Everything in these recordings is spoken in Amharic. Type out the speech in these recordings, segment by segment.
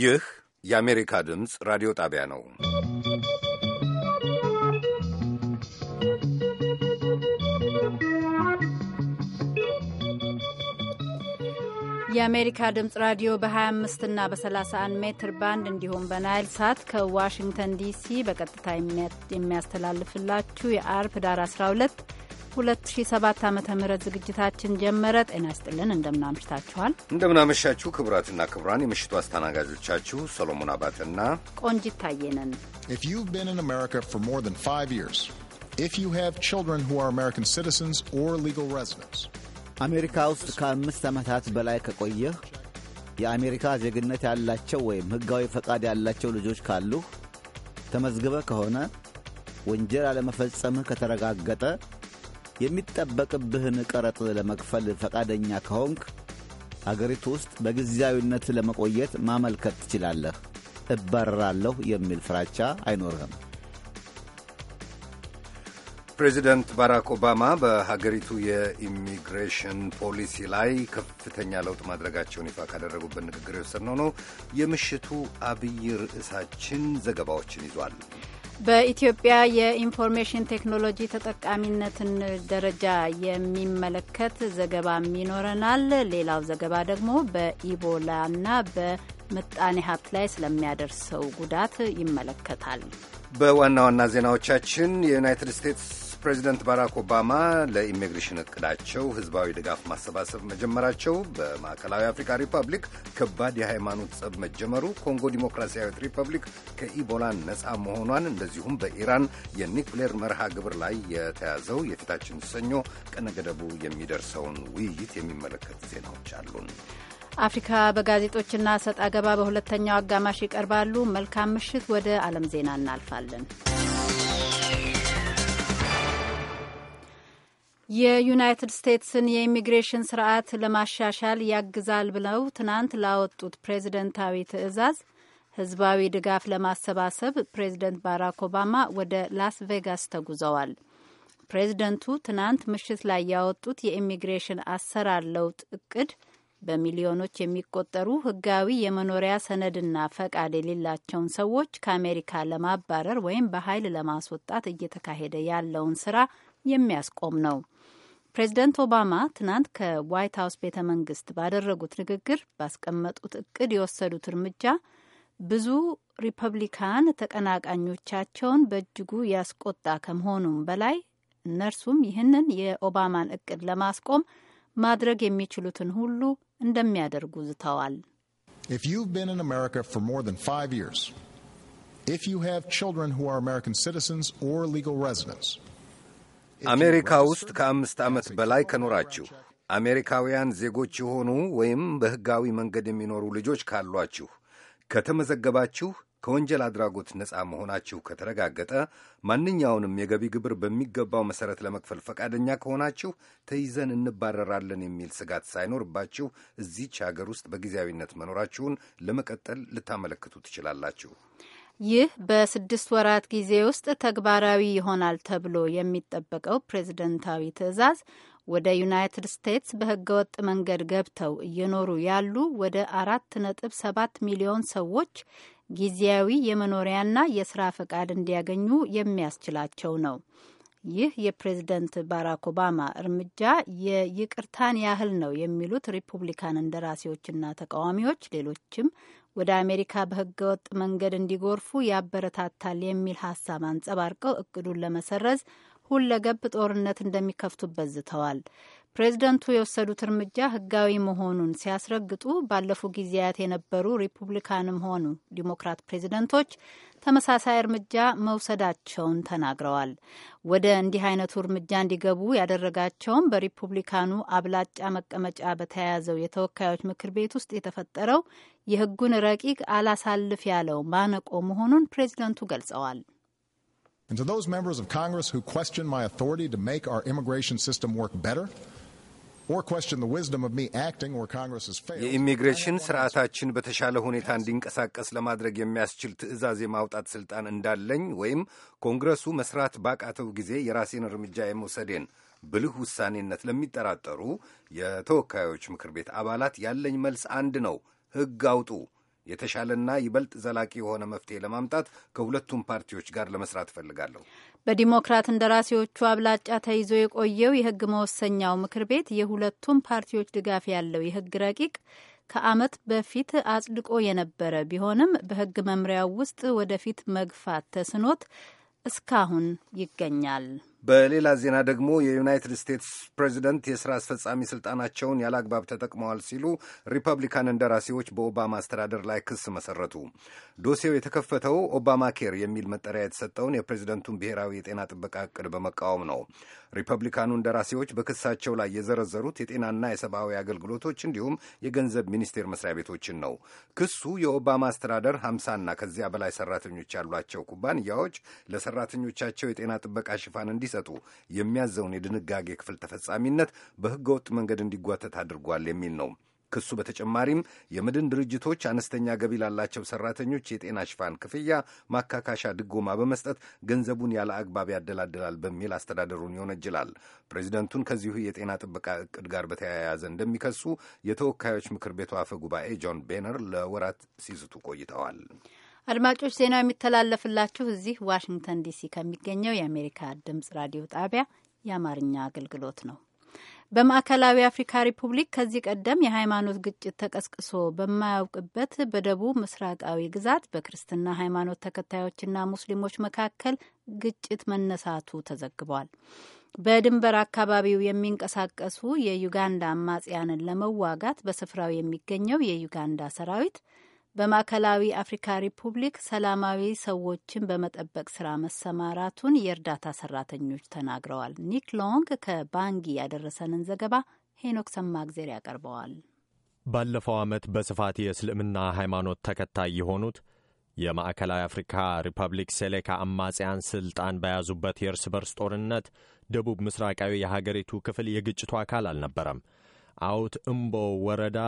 ይህ የአሜሪካ ድምፅ ራዲዮ ጣቢያ ነው። የአሜሪካ ድምፅ ራዲዮ በ25 እና በ31 ሜትር ባንድ እንዲሁም በናይል ሳት ከዋሽንግተን ዲሲ በቀጥታ የሚያስተላልፍላችሁ የአርብ ዳር 12 2007 ዓ ም ዝግጅታችን ጀመረ። ጤና ይስጥልን፣ እንደምናምሽታችኋል። እንደምናመሻችሁ ክቡራትና ክቡራን፣ የምሽቱ አስተናጋጆቻችሁ ሰሎሞን አባትና ቆንጂት ታየነን። If you've been in America for more than five years, if you have children who are American citizens or legal residents, አሜሪካ ውስጥ ከአምስት ዓመታት በላይ ከቆየህ የአሜሪካ ዜግነት ያላቸው ወይም ሕጋዊ ፈቃድ ያላቸው ልጆች ካሉህ ተመዝግበ ከሆነ ወንጀል አለመፈጸምህ ከተረጋገጠ የሚጠበቅብህን ቀረጥ ለመክፈል ፈቃደኛ ከሆንክ አገሪቱ ውስጥ በጊዜያዊነት ለመቆየት ማመልከት ትችላለህ። እባረራለሁ የሚል ፍራቻ አይኖርህም። ፕሬዚደንት ባራክ ኦባማ በሀገሪቱ የኢሚግሬሽን ፖሊሲ ላይ ከፍተኛ ለውጥ ማድረጋቸውን ይፋ ካደረጉበት ንግግር የወሰድነው ነው። የምሽቱ አብይ ርዕሳችን ዘገባዎችን ይዟል። በኢትዮጵያ የኢንፎርሜሽን ቴክኖሎጂ ተጠቃሚነትን ደረጃ የሚመለከት ዘገባም ይኖረናል። ሌላው ዘገባ ደግሞ በኢቦላና በምጣኔ ሀብት ላይ ስለሚያደርሰው ጉዳት ይመለከታል። በዋና ዋና ዜናዎቻችን የዩናይትድ ስቴትስ ፕሬዚደንት ባራክ ኦባማ ለኢሚግሬሽን እቅዳቸው ህዝባዊ ድጋፍ ማሰባሰብ መጀመራቸው፣ በማዕከላዊ አፍሪካ ሪፐብሊክ ከባድ የሃይማኖት ጸብ መጀመሩ፣ ኮንጎ ዲሞክራሲያዊት ሪፐብሊክ ከኢቦላን ነፃ መሆኗን፣ እንደዚሁም በኢራን የኒክሌር መርሃ ግብር ላይ የተያዘው የፊታችን ሰኞ ቀነ ገደቡ የሚደርሰውን ውይይት የሚመለከት ዜናዎች አሉን። አፍሪካ በጋዜጦችና ሰጥ አገባ በሁለተኛው አጋማሽ ይቀርባሉ። መልካም ምሽት። ወደ ዓለም ዜና እናልፋለን። የዩናይትድ ስቴትስን የኢሚግሬሽን ስርዓት ለማሻሻል ያግዛል ብለው ትናንት ላወጡት ፕሬዝደንታዊ ትዕዛዝ ህዝባዊ ድጋፍ ለማሰባሰብ ፕሬዝደንት ባራክ ኦባማ ወደ ላስ ቬጋስ ተጉዘዋል። ፕሬዝደንቱ ትናንት ምሽት ላይ ያወጡት የኢሚግሬሽን አሰራር ለውጥ እቅድ በሚሊዮኖች የሚቆጠሩ ህጋዊ የመኖሪያ ሰነድና ፈቃድ የሌላቸውን ሰዎች ከአሜሪካ ለማባረር ወይም በኃይል ለማስወጣት እየተካሄደ ያለውን ስራ የሚያስቆም ነው። ፕሬዚደንት ኦባማ ትናንት ከዋይት ሀውስ ቤተ መንግስት ባደረጉት ንግግር ባስቀመጡት እቅድ የወሰዱት እርምጃ ብዙ ሪፐብሊካን ተቀናቃኞቻቸውን በእጅጉ ያስቆጣ ከመሆኑም በላይ እነርሱም ይህንን የኦባማን እቅድ ለማስቆም ማድረግ የሚችሉትን ሁሉ እንደሚያደርጉ ዝተዋል። ኢፍ አሜሪካ ውስጥ ከአምስት ዓመት በላይ ከኖራችሁ አሜሪካውያን ዜጎች የሆኑ ወይም በሕጋዊ መንገድ የሚኖሩ ልጆች ካሏችሁ ከተመዘገባችሁ ከወንጀል አድራጎት ነፃ መሆናችሁ ከተረጋገጠ ማንኛውንም የገቢ ግብር በሚገባው መሠረት ለመክፈል ፈቃደኛ ከሆናችሁ ተይዘን እንባረራለን የሚል ስጋት ሳይኖርባችሁ እዚች አገር ውስጥ በጊዜያዊነት መኖራችሁን ለመቀጠል ልታመለክቱ ትችላላችሁ። ይህ በስድስት ወራት ጊዜ ውስጥ ተግባራዊ ይሆናል ተብሎ የሚጠበቀው ፕሬዝደንታዊ ትዕዛዝ ወደ ዩናይትድ ስቴትስ በህገወጥ መንገድ ገብተው እየኖሩ ያሉ ወደ አራት ነጥብ ሰባት ሚሊዮን ሰዎች ጊዜያዊ የመኖሪያና የስራ ፈቃድ እንዲያገኙ የሚያስችላቸው ነው። ይህ የፕሬዝደንት ባራክ ኦባማ እርምጃ የይቅርታን ያህል ነው የሚሉት ሪፑብሊካን እንደራሴዎችና ተቃዋሚዎች ሌሎችም ወደ አሜሪካ በህገወጥ መንገድ እንዲጎርፉ ያበረታታል የሚል ሀሳብ አንጸባርቀው እቅዱን ለመሰረዝ ሁለገብ ጦርነት እንደሚከፍቱበት ዝተዋል። ፕሬዝደንቱ የወሰዱት እርምጃ ህጋዊ መሆኑን ሲያስረግጡ ባለፉ ጊዜያት የነበሩ ሪፑብሊካንም ሆኑ ዲሞክራት ፕሬዝደንቶች ተመሳሳይ እርምጃ መውሰዳቸውን ተናግረዋል። ወደ እንዲህ አይነቱ እርምጃ እንዲገቡ ያደረጋቸውም በሪፑብሊካኑ አብላጫ መቀመጫ በተያያዘው የተወካዮች ምክር ቤት ውስጥ የተፈጠረው የህጉን ረቂቅ አላሳልፍ ያለው ማነቆ መሆኑን ፕሬዝደንቱ ገልጸዋል። And to those members of Congress who question my authority to make our immigration system work better, የኢሚግሬሽን ስርዓታችን በተሻለ ሁኔታ እንዲንቀሳቀስ ለማድረግ የሚያስችል ትዕዛዝ የማውጣት ስልጣን እንዳለኝ ወይም ኮንግረሱ መስራት ባቃተው ጊዜ የራሴን እርምጃ የመውሰዴን ብልህ ውሳኔነት ለሚጠራጠሩ የተወካዮች ምክር ቤት አባላት ያለኝ መልስ አንድ ነው። ህግ አውጡ። የተሻለና ይበልጥ ዘላቂ የሆነ መፍትሄ ለማምጣት ከሁለቱም ፓርቲዎች ጋር ለመስራት እፈልጋለሁ። በዲሞክራት እንደራሴዎቹ አብላጫ ተይዞ የቆየው የህግ መወሰኛው ምክር ቤት የሁለቱም ፓርቲዎች ድጋፍ ያለው የህግ ረቂቅ ከዓመት በፊት አጽድቆ የነበረ ቢሆንም በህግ መምሪያው ውስጥ ወደፊት መግፋት ተስኖት እስካሁን ይገኛል። በሌላ ዜና ደግሞ የዩናይትድ ስቴትስ ፕሬዚደንት የሥራ አስፈጻሚ ሥልጣናቸውን ያለ አግባብ ተጠቅመዋል ሲሉ ሪፐብሊካን እንደራሴዎች በኦባማ አስተዳደር ላይ ክስ መሰረቱ። ዶሴው የተከፈተው ኦባማ ኬር የሚል መጠሪያ የተሰጠውን የፕሬዚደንቱን ብሔራዊ የጤና ጥበቃ ዕቅድ በመቃወም ነው። ሪፐብሊካኑ እንደራሴዎች በክሳቸው ላይ የዘረዘሩት የጤናና የሰብአዊ አገልግሎቶች እንዲሁም የገንዘብ ሚኒስቴር መስሪያ ቤቶችን ነው። ክሱ የኦባማ አስተዳደር ሀምሳና ከዚያ በላይ ሰራተኞች ያሏቸው ኩባንያዎች ለሰራተኞቻቸው የጤና ጥበቃ ሽፋን እንዲሰጡ የሚያዘውን የድንጋጌ ክፍል ተፈጻሚነት በህገወጥ መንገድ እንዲጓተት አድርጓል የሚል ነው። ከሱ በተጨማሪም የምድን ድርጅቶች አነስተኛ ገቢ ላላቸው ሰራተኞች የጤና ሽፋን ክፍያ ማካካሻ ድጎማ በመስጠት ገንዘቡን ያለ አግባብ ያደላድላል በሚል አስተዳደሩን ይወነጅላል። ፕሬዚደንቱን ከዚሁ የጤና ጥበቃ እቅድ ጋር በተያያዘ እንደሚከሱ የተወካዮች ምክር ቤቱ አፈ ጉባኤ ጆን ቤነር ለወራት ሲዝቱ ቆይተዋል። አድማጮች ዜናው የሚተላለፍላችሁ እዚህ ዋሽንግተን ዲሲ ከሚገኘው የአሜሪካ ድምጽ ራዲዮ ጣቢያ የአማርኛ አገልግሎት ነው። በማዕከላዊ አፍሪካ ሪፑብሊክ ከዚህ ቀደም የሃይማኖት ግጭት ተቀስቅሶ በማያውቅበት በደቡብ ምስራቃዊ ግዛት በክርስትና ሃይማኖት ተከታዮችና ሙስሊሞች መካከል ግጭት መነሳቱ ተዘግቧል። በድንበር አካባቢው የሚንቀሳቀሱ የዩጋንዳ አማጽያንን ለመዋጋት በስፍራው የሚገኘው የዩጋንዳ ሰራዊት በማዕከላዊ አፍሪካ ሪፑብሊክ ሰላማዊ ሰዎችን በመጠበቅ ስራ መሰማራቱን የእርዳታ ሰራተኞች ተናግረዋል። ኒክ ሎንግ ከባንጊ ያደረሰንን ዘገባ ሄኖክ ሰማግዜር ያቀርበዋል። ባለፈው ዓመት በስፋት የእስልምና ሃይማኖት ተከታይ የሆኑት የማዕከላዊ አፍሪካ ሪፐብሊክ ሴሌካ አማጽያን ስልጣን በያዙበት የእርስ በርስ ጦርነት ደቡብ ምስራቃዊ የሀገሪቱ ክፍል የግጭቱ አካል አልነበረም። አውት እምቦ ወረዳ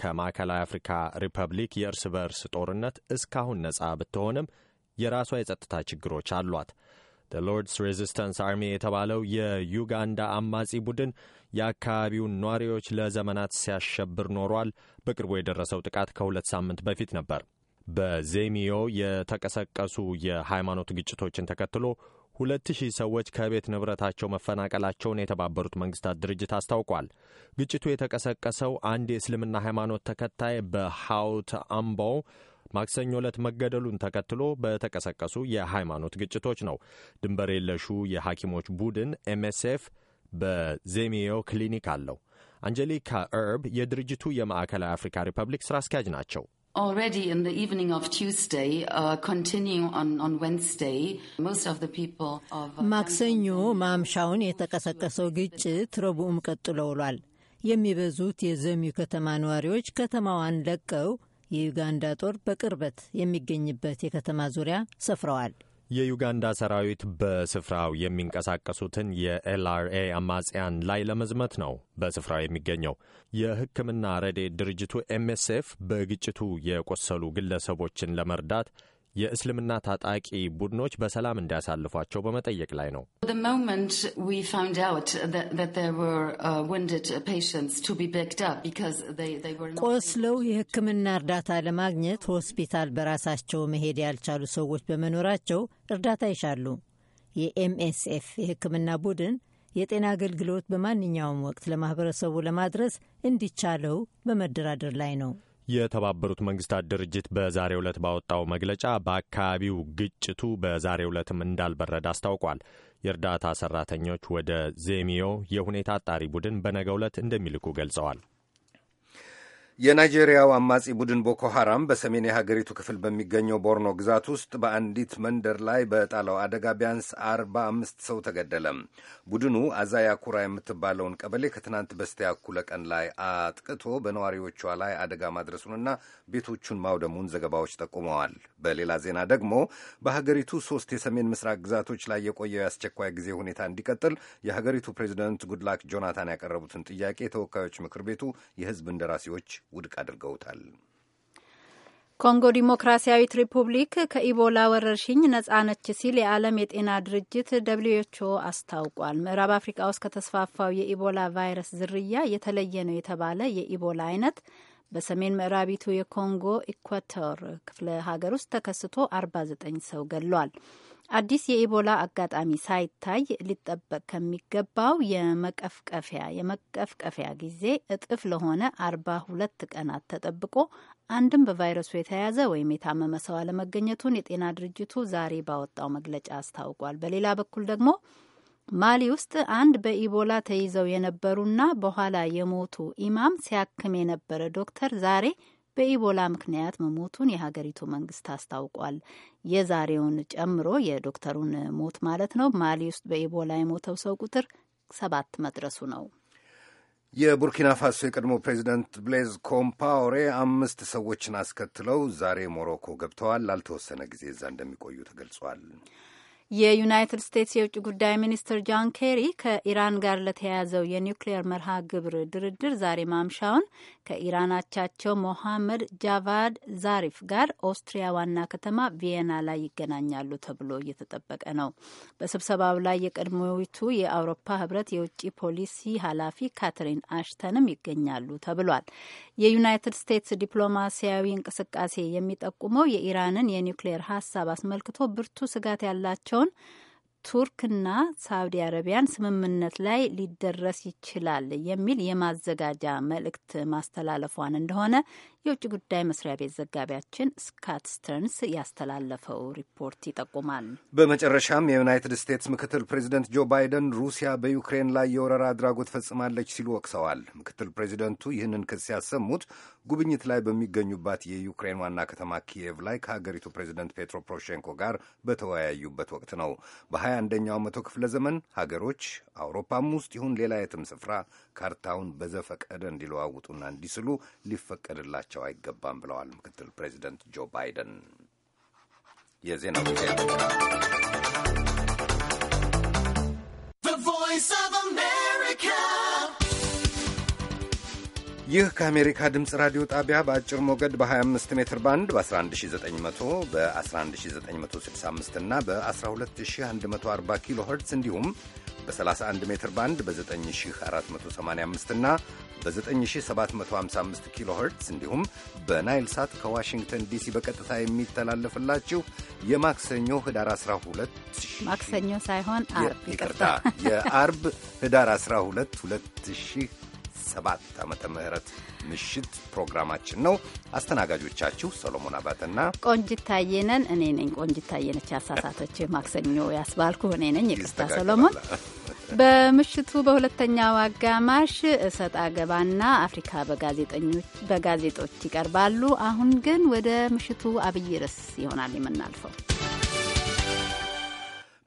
ከማዕከላዊ አፍሪካ ሪፐብሊክ የእርስ በእርስ ጦርነት እስካሁን ነጻ ብትሆንም የራሷ የጸጥታ ችግሮች አሏት። ሎርድስ ሬዚስተንስ አርሚ የተባለው የዩጋንዳ አማጺ ቡድን የአካባቢውን ነዋሪዎች ለዘመናት ሲያሸብር ኖሯል። በቅርቡ የደረሰው ጥቃት ከሁለት ሳምንት በፊት ነበር። በዜሚዮ የተቀሰቀሱ የሃይማኖት ግጭቶችን ተከትሎ ሁለት ሺህ ሰዎች ከቤት ንብረታቸው መፈናቀላቸውን የተባበሩት መንግስታት ድርጅት አስታውቋል። ግጭቱ የተቀሰቀሰው አንድ የእስልምና ሃይማኖት ተከታይ በሐውት አምቦ ማክሰኞ ዕለት መገደሉን ተከትሎ በተቀሰቀሱ የሃይማኖት ግጭቶች ነው። ድንበር የለሹ የሐኪሞች ቡድን ኤምኤስኤፍ በዜሚዮ ክሊኒክ አለው። አንጀሊካ እርብ የድርጅቱ የማዕከላዊ አፍሪካ ሪፐብሊክ ስራ አስኪያጅ ናቸው። Already in the evening of Tuesday, uh, continuing on, on Wednesday, most of the people of... Uh, ማክሰኞ ማምሻውን የተቀሰቀሰው ግጭት ረቡዕም ቀጥሎ ውሏል። የሚበዙት የዘሚው ከተማ ነዋሪዎች ከተማዋን ለቀው የዩጋንዳ ጦር በቅርበት የሚገኝበት የከተማ ዙሪያ ሰፍረዋል። የዩጋንዳ ሰራዊት በስፍራው የሚንቀሳቀሱትን የኤልአርኤ አማጽያን ላይ ለመዝመት ነው በስፍራው የሚገኘው። የሕክምና ረዴ ድርጅቱ ኤምኤስኤፍ በግጭቱ የቆሰሉ ግለሰቦችን ለመርዳት የእስልምና ታጣቂ ቡድኖች በሰላም እንዲያሳልፏቸው በመጠየቅ ላይ ነው። uh, ቆስለው የሕክምና እርዳታ ለማግኘት ሆስፒታል በራሳቸው መሄድ ያልቻሉ ሰዎች በመኖራቸው እርዳታ ይሻሉ። የኤምኤስኤፍ የሕክምና ቡድን የጤና አገልግሎት በማንኛውም ወቅት ለማህበረሰቡ ለማድረስ እንዲቻለው በመደራደር ላይ ነው። የተባበሩት መንግስታት ድርጅት በዛሬው ዕለት ባወጣው መግለጫ በአካባቢው ግጭቱ በዛሬው ዕለትም እንዳልበረድ አስታውቋል። የእርዳታ ሰራተኞች ወደ ዜሚዮ የሁኔታ አጣሪ ቡድን በነገው ዕለት እንደሚልኩ ገልጸዋል። የናይጄሪያው አማጺ ቡድን ቦኮ ሐራም በሰሜን የሀገሪቱ ክፍል በሚገኘው ቦርኖ ግዛት ውስጥ በአንዲት መንደር ላይ በጣለው አደጋ ቢያንስ አርባ አምስት ሰው ተገደለ። ቡድኑ አዛያ ኩራ የምትባለውን ቀበሌ ከትናንት በስቲያ እኩለ ቀን ላይ አጥቅቶ በነዋሪዎቿ ላይ አደጋ ማድረሱንና ቤቶቹን ማውደሙን ዘገባዎች ጠቁመዋል። በሌላ ዜና ደግሞ በሀገሪቱ ሶስት የሰሜን ምስራቅ ግዛቶች ላይ የቆየው የአስቸኳይ ጊዜ ሁኔታ እንዲቀጥል የሀገሪቱ ፕሬዚደንት ጉድላክ ጆናታን ያቀረቡትን ጥያቄ የተወካዮች ምክር ቤቱ የህዝብ እንደራሴዎች ውድቅ አድርገውታል። ኮንጎ ዲሞክራሲያዊት ሪፑብሊክ ከኢቦላ ወረርሽኝ ነጻ ነች ሲል የዓለም የጤና ድርጅት ደብሊውኤችኦ አስታውቋል። ምዕራብ አፍሪካ ውስጥ ከተስፋፋው የኢቦላ ቫይረስ ዝርያ የተለየ ነው የተባለ የኢቦላ አይነት በሰሜን ምዕራቢቱ የኮንጎ ኢኳቶር ክፍለ ሀገር ውስጥ ተከስቶ 49 ሰው ገድሏል። አዲስ የኢቦላ አጋጣሚ ሳይታይ ሊጠበቅ ከሚገባው የመቀፍቀፊያ የመቀፍቀፊያ ጊዜ እጥፍ ለሆነ አርባ ሁለት ቀናት ተጠብቆ አንድም በቫይረሱ የተያዘ ወይም የታመመ ሰው አለመገኘቱን የጤና ድርጅቱ ዛሬ ባወጣው መግለጫ አስታውቋል። በሌላ በኩል ደግሞ ማሊ ውስጥ አንድ በኢቦላ ተይዘው የነበሩና በኋላ የሞቱ ኢማም ሲያክም የነበረ ዶክተር ዛሬ በኢቦላ ምክንያት መሞቱን የሀገሪቱ መንግስት አስታውቋል። የዛሬውን ጨምሮ የዶክተሩን ሞት ማለት ነው። ማሊ ውስጥ በኢቦላ የሞተው ሰው ቁጥር ሰባት መድረሱ ነው። የቡርኪና ፋሶ የቀድሞ ፕሬዚደንት ብሌዝ ኮምፓውሬ አምስት ሰዎችን አስከትለው ዛሬ ሞሮኮ ገብተዋል። ላልተወሰነ ጊዜ እዛ እንደሚቆዩ ተገልጿል። የዩናይትድ ስቴትስ የውጭ ጉዳይ ሚኒስትር ጆን ኬሪ ከኢራን ጋር ለተያያዘው የኒውክሌየር መርሃ ግብር ድርድር ዛሬ ማምሻውን ከኢራናቻቸው ሞሐመድ ጃቫድ ዛሪፍ ጋር ኦስትሪያ ዋና ከተማ ቪየና ላይ ይገናኛሉ ተብሎ እየተጠበቀ ነው። በስብሰባው ላይ የቀድሞዊቱ የአውሮፓ ህብረት የውጭ ፖሊሲ ኃላፊ ካትሪን አሽተንም ይገኛሉ ተብሏል። የዩናይትድ ስቴትስ ዲፕሎማሲያዊ እንቅስቃሴ የሚጠቁመው የኢራንን የኒውክሌር ሀሳብ አስመልክቶ ብርቱ ስጋት ያላቸውን ቱርክና ሳውዲ አረቢያን ስምምነት ላይ ሊደረስ ይችላል የሚል የማዘጋጃ መልእክት ማስተላለፏን እንደሆነ የውጭ ጉዳይ መስሪያ ቤት ዘጋቢያችን ስካት ስተርንስ ያስተላለፈው ሪፖርት ይጠቁማል። በመጨረሻም የዩናይትድ ስቴትስ ምክትል ፕሬዚደንት ጆ ባይደን ሩሲያ በዩክሬን ላይ የወረራ አድራጎት ፈጽማለች ሲሉ ወቅሰዋል። ምክትል ፕሬዚደንቱ ይህንን ክስ ያሰሙት ጉብኝት ላይ በሚገኙባት የዩክሬን ዋና ከተማ ኪየቭ ላይ ከሀገሪቱ ፕሬዚደንት ፔትሮ ፖሮሼንኮ ጋር በተወያዩበት ወቅት ነው። በሀያ አንደኛው መቶ ክፍለ ዘመን ሀገሮች አውሮፓም ውስጥ ይሁን ሌላ የትም ስፍራ ካርታውን በዘፈቀደ እንዲለዋውጡና እንዲስሉ ሊፈቀድላቸው ሊኖራቸው አይገባም ብለዋል ምክትል ፕሬዚደንት ጆ ባይደን። የዜና ይህ ከአሜሪካ ድምፅ ራዲዮ ጣቢያ በአጭር ሞገድ በ25 ሜትር ባንድ በ11900 በ11965 እና በ12140 ኪሎ ኸርትዝ እንዲሁም በ31 ሜትር ባንድ በ9485 እና በ9755 ኪሎ ኸርትዝ እንዲሁም በናይል ሳት ከዋሽንግተን ዲሲ በቀጥታ የሚተላለፍላችሁ የማክሰኞ ህዳር 12 ማክሰኞ ሳይሆን አርብ ይቅርታ፣ የአርብ ህዳር 12 2000 2007 ዓመተ ምህረት ምሽት ፕሮግራማችን ነው። አስተናጋጆቻችሁ ሰሎሞን አባትና ቆንጅት ታየ እኔ ነኝ ቆንጅት ታየ ነች ያሳሳተች ማክሰኞ ያስባልኩ እኔ ነኝ። ይቅርታ ሰሎሞን። በምሽቱ በሁለተኛው አጋማሽ እሰጥ አገባና አፍሪካ በጋዜጦች ይቀርባሉ። አሁን ግን ወደ ምሽቱ አብይ ርዕስ ይሆናል የምናልፈው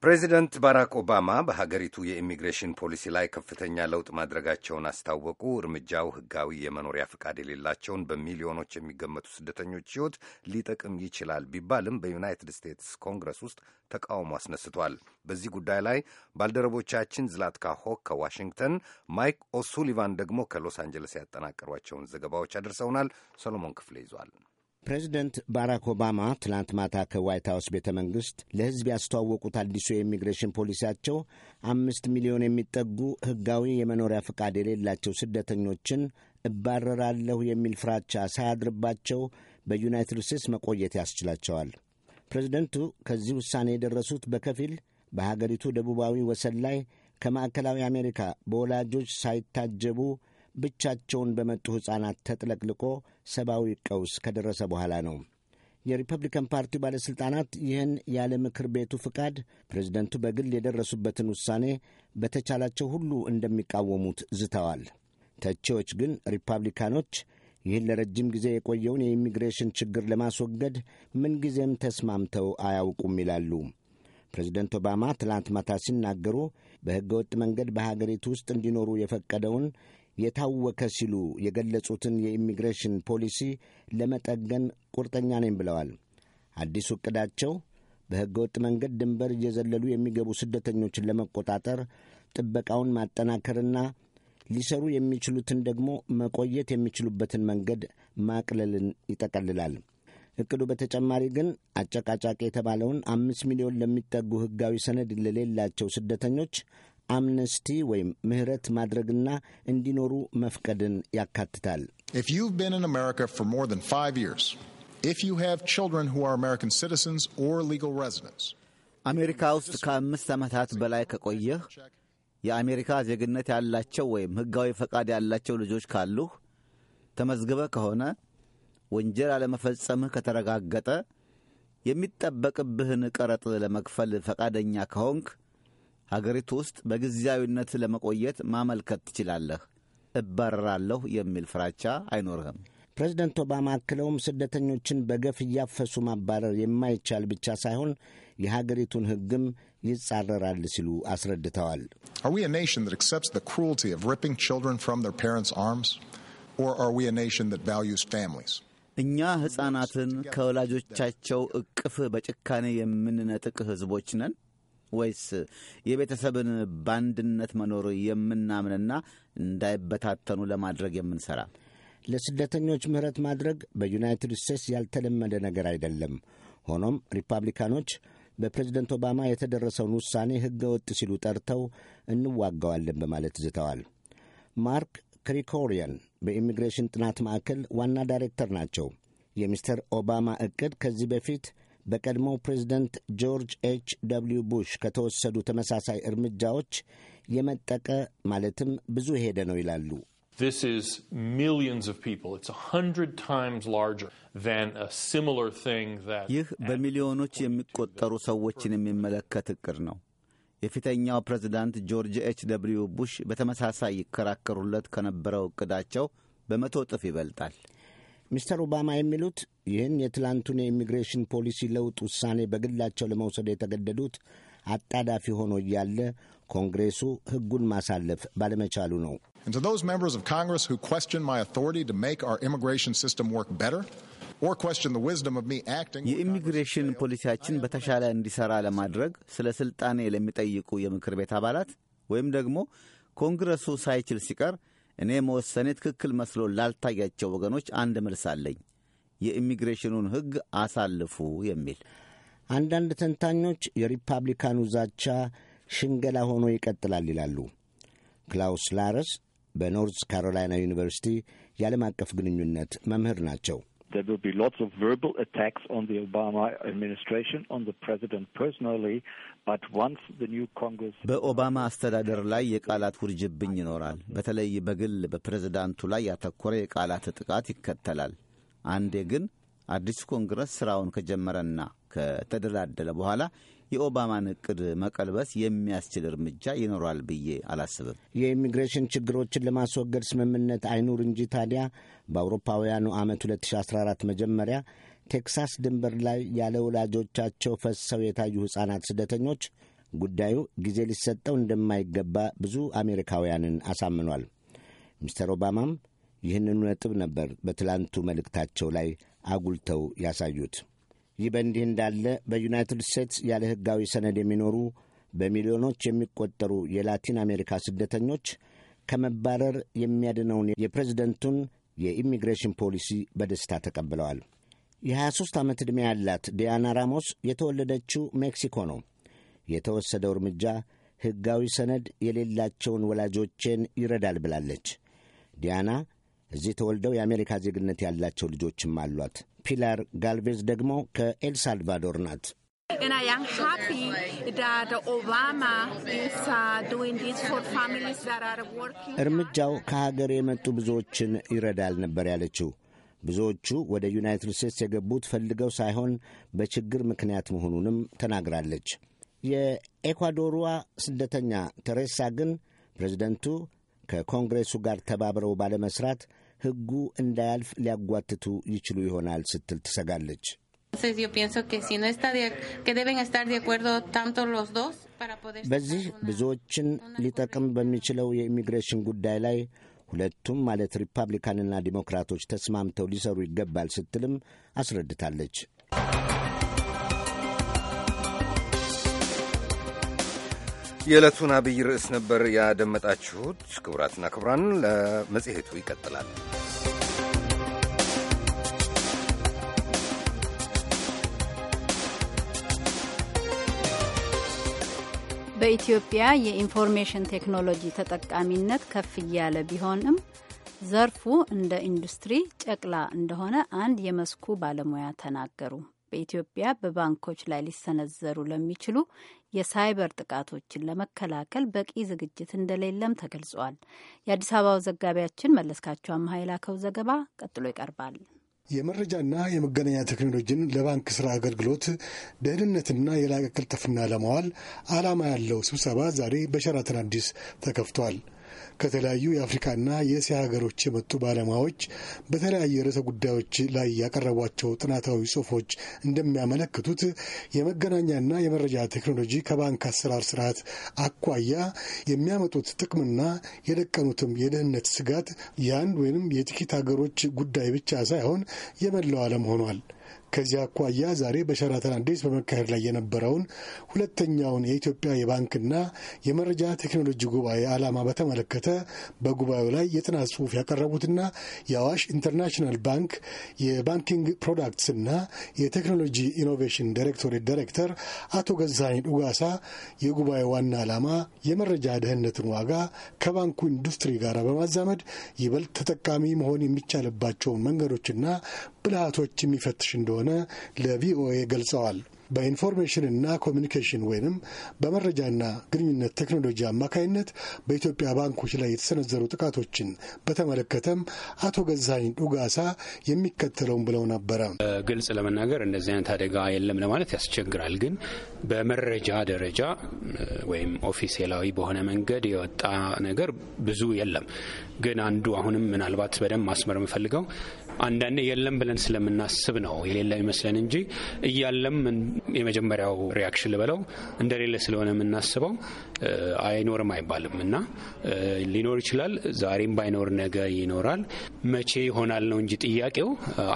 ፕሬዚደንት ባራክ ኦባማ በሀገሪቱ የኢሚግሬሽን ፖሊሲ ላይ ከፍተኛ ለውጥ ማድረጋቸውን አስታወቁ። እርምጃው ሕጋዊ የመኖሪያ ፈቃድ የሌላቸውን በሚሊዮኖች የሚገመቱ ስደተኞች ሕይወት ሊጠቅም ይችላል ቢባልም በዩናይትድ ስቴትስ ኮንግረስ ውስጥ ተቃውሞ አስነስቷል። በዚህ ጉዳይ ላይ ባልደረቦቻችን ዝላትካ ሆክ ከዋሽንግተን፣ ማይክ ኦሱሊቫን ደግሞ ከሎስ አንጀለስ ያጠናቀሯቸውን ዘገባዎች አድርሰውናል። ሰሎሞን ክፍሌ ይዟል። ፕሬዚደንት ባራክ ኦባማ ትላንት ማታ ከዋይት ሀውስ ቤተ መንግሥት ለሕዝብ ያስተዋወቁት አዲሱ የኢሚግሬሽን ፖሊሲያቸው አምስት ሚሊዮን የሚጠጉ ሕጋዊ የመኖሪያ ፈቃድ የሌላቸው ስደተኞችን እባረራለሁ የሚል ፍራቻ ሳያድርባቸው በዩናይትድ ስቴትስ መቆየት ያስችላቸዋል። ፕሬዚደንቱ ከዚህ ውሳኔ የደረሱት በከፊል በሀገሪቱ ደቡባዊ ወሰን ላይ ከማዕከላዊ አሜሪካ በወላጆች ሳይታጀቡ ብቻቸውን በመጡ ሕፃናት ተጥለቅልቆ ሰብአዊ ቀውስ ከደረሰ በኋላ ነው። የሪፐብሊካን ፓርቲው ባለሥልጣናት ይህን ያለ ምክር ቤቱ ፍቃድ ፕሬዝደንቱ በግል የደረሱበትን ውሳኔ በተቻላቸው ሁሉ እንደሚቃወሙት ዝተዋል። ተቼዎች ግን ሪፐብሊካኖች ይህን ለረጅም ጊዜ የቆየውን የኢሚግሬሽን ችግር ለማስወገድ ምንጊዜም ተስማምተው አያውቁም ይላሉ። ፕሬዝደንት ኦባማ ትላንት ማታ ሲናገሩ በሕገ ወጥ መንገድ በሀገሪቱ ውስጥ እንዲኖሩ የፈቀደውን የታወከ ሲሉ የገለጹትን የኢሚግሬሽን ፖሊሲ ለመጠገን ቁርጠኛ ነኝ ብለዋል። አዲሱ ዕቅዳቸው ወጥ መንገድ ድንበር እየዘለሉ የሚገቡ ስደተኞችን ለመቆጣጠር ጥበቃውን ማጠናከርና ሊሰሩ የሚችሉትን ደግሞ መቆየት የሚችሉበትን መንገድ ማቅለልን ይጠቀልላል። እቅዱ በተጨማሪ ግን አጨቃጫቂ የተባለውን አምስት ሚሊዮን ለሚጠጉ ሕጋዊ ሰነድ ለሌላቸው ስደተኞች አምነስቲ ወይም ምህረት ማድረግና እንዲኖሩ መፍቀድን ያካትታል። አሜሪካ ውስጥ ከአምስት ዓመታት በላይ ከቆየህ የአሜሪካ ዜግነት ያላቸው ወይም ሕጋዊ ፈቃድ ያላቸው ልጆች ካሉህ፣ ተመዝግበህ ከሆነ፣ ወንጀል አለመፈጸምህ ከተረጋገጠ፣ የሚጠበቅብህን ቀረጥ ለመክፈል ፈቃደኛ ከሆንክ ሀገሪቱ ውስጥ በጊዜያዊነት ለመቆየት ማመልከት ትችላለህ። እባረራለሁ የሚል ፍራቻ አይኖርህም። ፕሬዚደንት ኦባማ አክለውም ስደተኞችን በገፍ እያፈሱ ማባረር የማይቻል ብቻ ሳይሆን የሀገሪቱን ሕግም ይጻረራል ሲሉ አስረድተዋል። እኛ ሕፃናትን ከወላጆቻቸው እቅፍ በጭካኔ የምንነጥቅ ሕዝቦች ነን ወይስ የቤተሰብን በአንድነት መኖር የምናምንና እንዳይበታተኑ ለማድረግ የምንሰራ? ለስደተኞች ምህረት ማድረግ በዩናይትድ ስቴትስ ያልተለመደ ነገር አይደለም። ሆኖም ሪፐብሊካኖች በፕሬዝደንት ኦባማ የተደረሰውን ውሳኔ ሕገ ወጥ ሲሉ ጠርተው እንዋጋዋለን በማለት ዝተዋል። ማርክ ክሪኮሪያን በኢሚግሬሽን ጥናት ማዕከል ዋና ዳይሬክተር ናቸው። የሚስተር ኦባማ እቅድ ከዚህ በፊት በቀድሞው ፕሬዝደንት ጆርጅ ኤች ደብልዩ ቡሽ ከተወሰዱ ተመሳሳይ እርምጃዎች የመጠቀ ማለትም ብዙ ሄደ ነው ይላሉ። This is millions of people. It's a hundred times larger than a similar thing that ይህ በሚሊዮኖች የሚቆጠሩ ሰዎችን የሚመለከት እቅድ ነው። የፊተኛው ፕሬዚዳንት ጆርጅ ኤች ደብልዩ ቡሽ በተመሳሳይ ይከራከሩለት ከነበረው እቅዳቸው በመቶ እጥፍ ይበልጣል። ሚስተር ኦባማ የሚሉት ይህን የትላንቱን የኢሚግሬሽን ፖሊሲ ለውጥ ውሳኔ በግላቸው ለመውሰድ የተገደዱት አጣዳፊ ሆኖ እያለ ኮንግሬሱ ሕጉን ማሳለፍ ባለመቻሉ ነው። የኢሚግሬሽን ፖሊሲያችን በተሻለ እንዲሰራ ለማድረግ ስለ ስልጣኔ ለሚጠይቁ የምክር ቤት አባላት ወይም ደግሞ ኮንግረሱ ሳይችል ሲቀር እኔ መወሰኔ ትክክል መስሎ ላልታያቸው ወገኖች አንድ መልስ አለኝ። የኢሚግሬሽኑን ሕግ አሳልፉ የሚል አንዳንድ ተንታኞች የሪፐብሊካኑ ዛቻ ሽንገላ ሆኖ ይቀጥላል ይላሉ። ክላውስ ላረስ በኖርዝ ካሮላይና ዩኒቨርሲቲ የዓለም አቀፍ ግንኙነት መምህር ናቸው። በኦባማ አስተዳደር ላይ የቃላት ውርጅብኝ ይኖራል። በተለይ በግል በፕሬዝዳንቱ ላይ ያተኮረ የቃላት ጥቃት ይከተላል። አንዴ ግን አዲሱ ኮንግረስ ስራውን ከጀመረና ከተደላደለ በኋላ የኦባማን እቅድ መቀልበስ የሚያስችል እርምጃ ይኖራል ብዬ አላስብም። የኢሚግሬሽን ችግሮችን ለማስወገድ ስምምነት አይኑር እንጂ ታዲያ በአውሮፓውያኑ ዓመት 2014 መጀመሪያ ቴክሳስ ድንበር ላይ ያለ ወላጆቻቸው ፈሰው የታዩ ሕፃናት ስደተኞች ጉዳዩ ጊዜ ሊሰጠው እንደማይገባ ብዙ አሜሪካውያንን አሳምኗል። ሚስተር ኦባማም ይህንኑ ነጥብ ነበር በትላንቱ መልእክታቸው ላይ አጉልተው ያሳዩት። ይህ በእንዲህ እንዳለ በዩናይትድ ስቴትስ ያለ ሕጋዊ ሰነድ የሚኖሩ በሚሊዮኖች የሚቆጠሩ የላቲን አሜሪካ ስደተኞች ከመባረር የሚያድነውን የፕሬዝደንቱን የኢሚግሬሽን ፖሊሲ በደስታ ተቀብለዋል። የ23 ዓመት ዕድሜ ያላት ዲያና ራሞስ የተወለደችው ሜክሲኮ ነው። የተወሰደው እርምጃ ሕጋዊ ሰነድ የሌላቸውን ወላጆቼን ይረዳል ብላለች። ዲያና እዚህ ተወልደው የአሜሪካ ዜግነት ያላቸው ልጆችም አሏት። ፒላር ጋልቬዝ ደግሞ ከኤልሳልቫዶር ናት። uh, እርምጃው ከሀገር የመጡ ብዙዎችን ይረዳል ነበር ያለችው። ብዙዎቹ ወደ ዩናይትድ ስቴትስ የገቡት ፈልገው ሳይሆን በችግር ምክንያት መሆኑንም ተናግራለች። የኤኳዶሯ ስደተኛ ቴሬሳ ግን ፕሬዝደንቱ ከኮንግሬሱ ጋር ተባብረው ባለመስራት ሕጉ እንዳያልፍ ሊያጓትቱ ይችሉ ይሆናል ስትል ትሰጋለች። በዚህ ብዙዎችን ሊጠቅም በሚችለው የኢሚግሬሽን ጉዳይ ላይ ሁለቱም ማለት ሪፐብሊካንና ዲሞክራቶች ተስማምተው ሊሰሩ ይገባል ስትልም አስረድታለች። የዕለቱን አብይ ርዕስ ነበር ያደመጣችሁት። ክቡራትና ክቡራን፣ ለመጽሔቱ ይቀጥላል። በኢትዮጵያ የኢንፎርሜሽን ቴክኖሎጂ ተጠቃሚነት ከፍ እያለ ቢሆንም ዘርፉ እንደ ኢንዱስትሪ ጨቅላ እንደሆነ አንድ የመስኩ ባለሙያ ተናገሩ። በኢትዮጵያ በባንኮች ላይ ሊሰነዘሩ ለሚችሉ የሳይበር ጥቃቶችን ለመከላከል በቂ ዝግጅት እንደሌለም ተገልጿል። የአዲስ አበባው ዘጋቢያችን መለስካቸው አምሃ የላከው ዘገባ ቀጥሎ ይቀርባል። የመረጃና የመገናኛ ቴክኖሎጂን ለባንክ ስራ አገልግሎት ደህንነትና የላቀ ቅልጥፍና ለማዋል ዓላማ ያለው ስብሰባ ዛሬ በሸራተን አዲስ ተከፍቷል። ከተለያዩ የአፍሪካና የእስያ ሀገሮች የመጡ ባለሙያዎች በተለያየ ርዕሰ ጉዳዮች ላይ ያቀረቧቸው ጥናታዊ ጽሁፎች እንደሚያመለክቱት የመገናኛና የመረጃ ቴክኖሎጂ ከባንክ አሰራር ስርዓት አኳያ የሚያመጡት ጥቅምና የደቀኑትም የደህንነት ስጋት የአንድ ወይንም የጥቂት ሀገሮች ጉዳይ ብቻ ሳይሆን የመላው ዓለም ሆኗል። ከዚያ አኳያ ዛሬ በሸራተን አዲስ በመካሄድ ላይ የነበረውን ሁለተኛውን የኢትዮጵያ የባንክና የመረጃ ቴክኖሎጂ ጉባኤ ዓላማ በተመለከተ በጉባኤው ላይ የጥናት ጽሑፍ ያቀረቡትና የአዋሽ ኢንተርናሽናል ባንክ የባንኪንግ ፕሮዳክትስና የቴክኖሎጂ ኢኖቬሽን ዳይሬክቶሬት ዳይሬክተር አቶ ገዛኝ ዱጋሳ የጉባኤ ዋና ዓላማ የመረጃ ደህንነትን ዋጋ ከባንኩ ኢንዱስትሪ ጋር በማዛመድ ይበልጥ ተጠቃሚ መሆን የሚቻልባቸውን መንገዶችና ብልሃቶች የሚፈትሽ እንደሆነ ለቪኦኤ ገልጸዋል። በኢንፎርሜሽንና ኮሚኒኬሽን ወይንም በመረጃና ግንኙነት ቴክኖሎጂ አማካኝነት በኢትዮጵያ ባንኮች ላይ የተሰነዘሩ ጥቃቶችን በተመለከተም አቶ ገዛኝ ዱጋሳ የሚከተለውን ብለው ነበረ። ግልጽ ለመናገር እንደዚህ አይነት አደጋ የለም ለማለት ያስቸግራል። ግን በመረጃ ደረጃ ወይም ኦፊሴላዊ በሆነ መንገድ የወጣ ነገር ብዙ የለም። ግን አንዱ አሁንም ምናልባት በደንብ ማስመር የምፈልገው አንዳንዴ የለም ብለን ስለምናስብ ነው የሌለ ይመስለን እንጂ እያለም የመጀመሪያው ሪያክሽን ልበለው እንደሌለ ስለሆነ የምናስበው አይኖርም አይባልም እና ሊኖር ይችላል። ዛሬም ባይኖር ነገ ይኖራል። መቼ ይሆናል ነው እንጂ ጥያቄው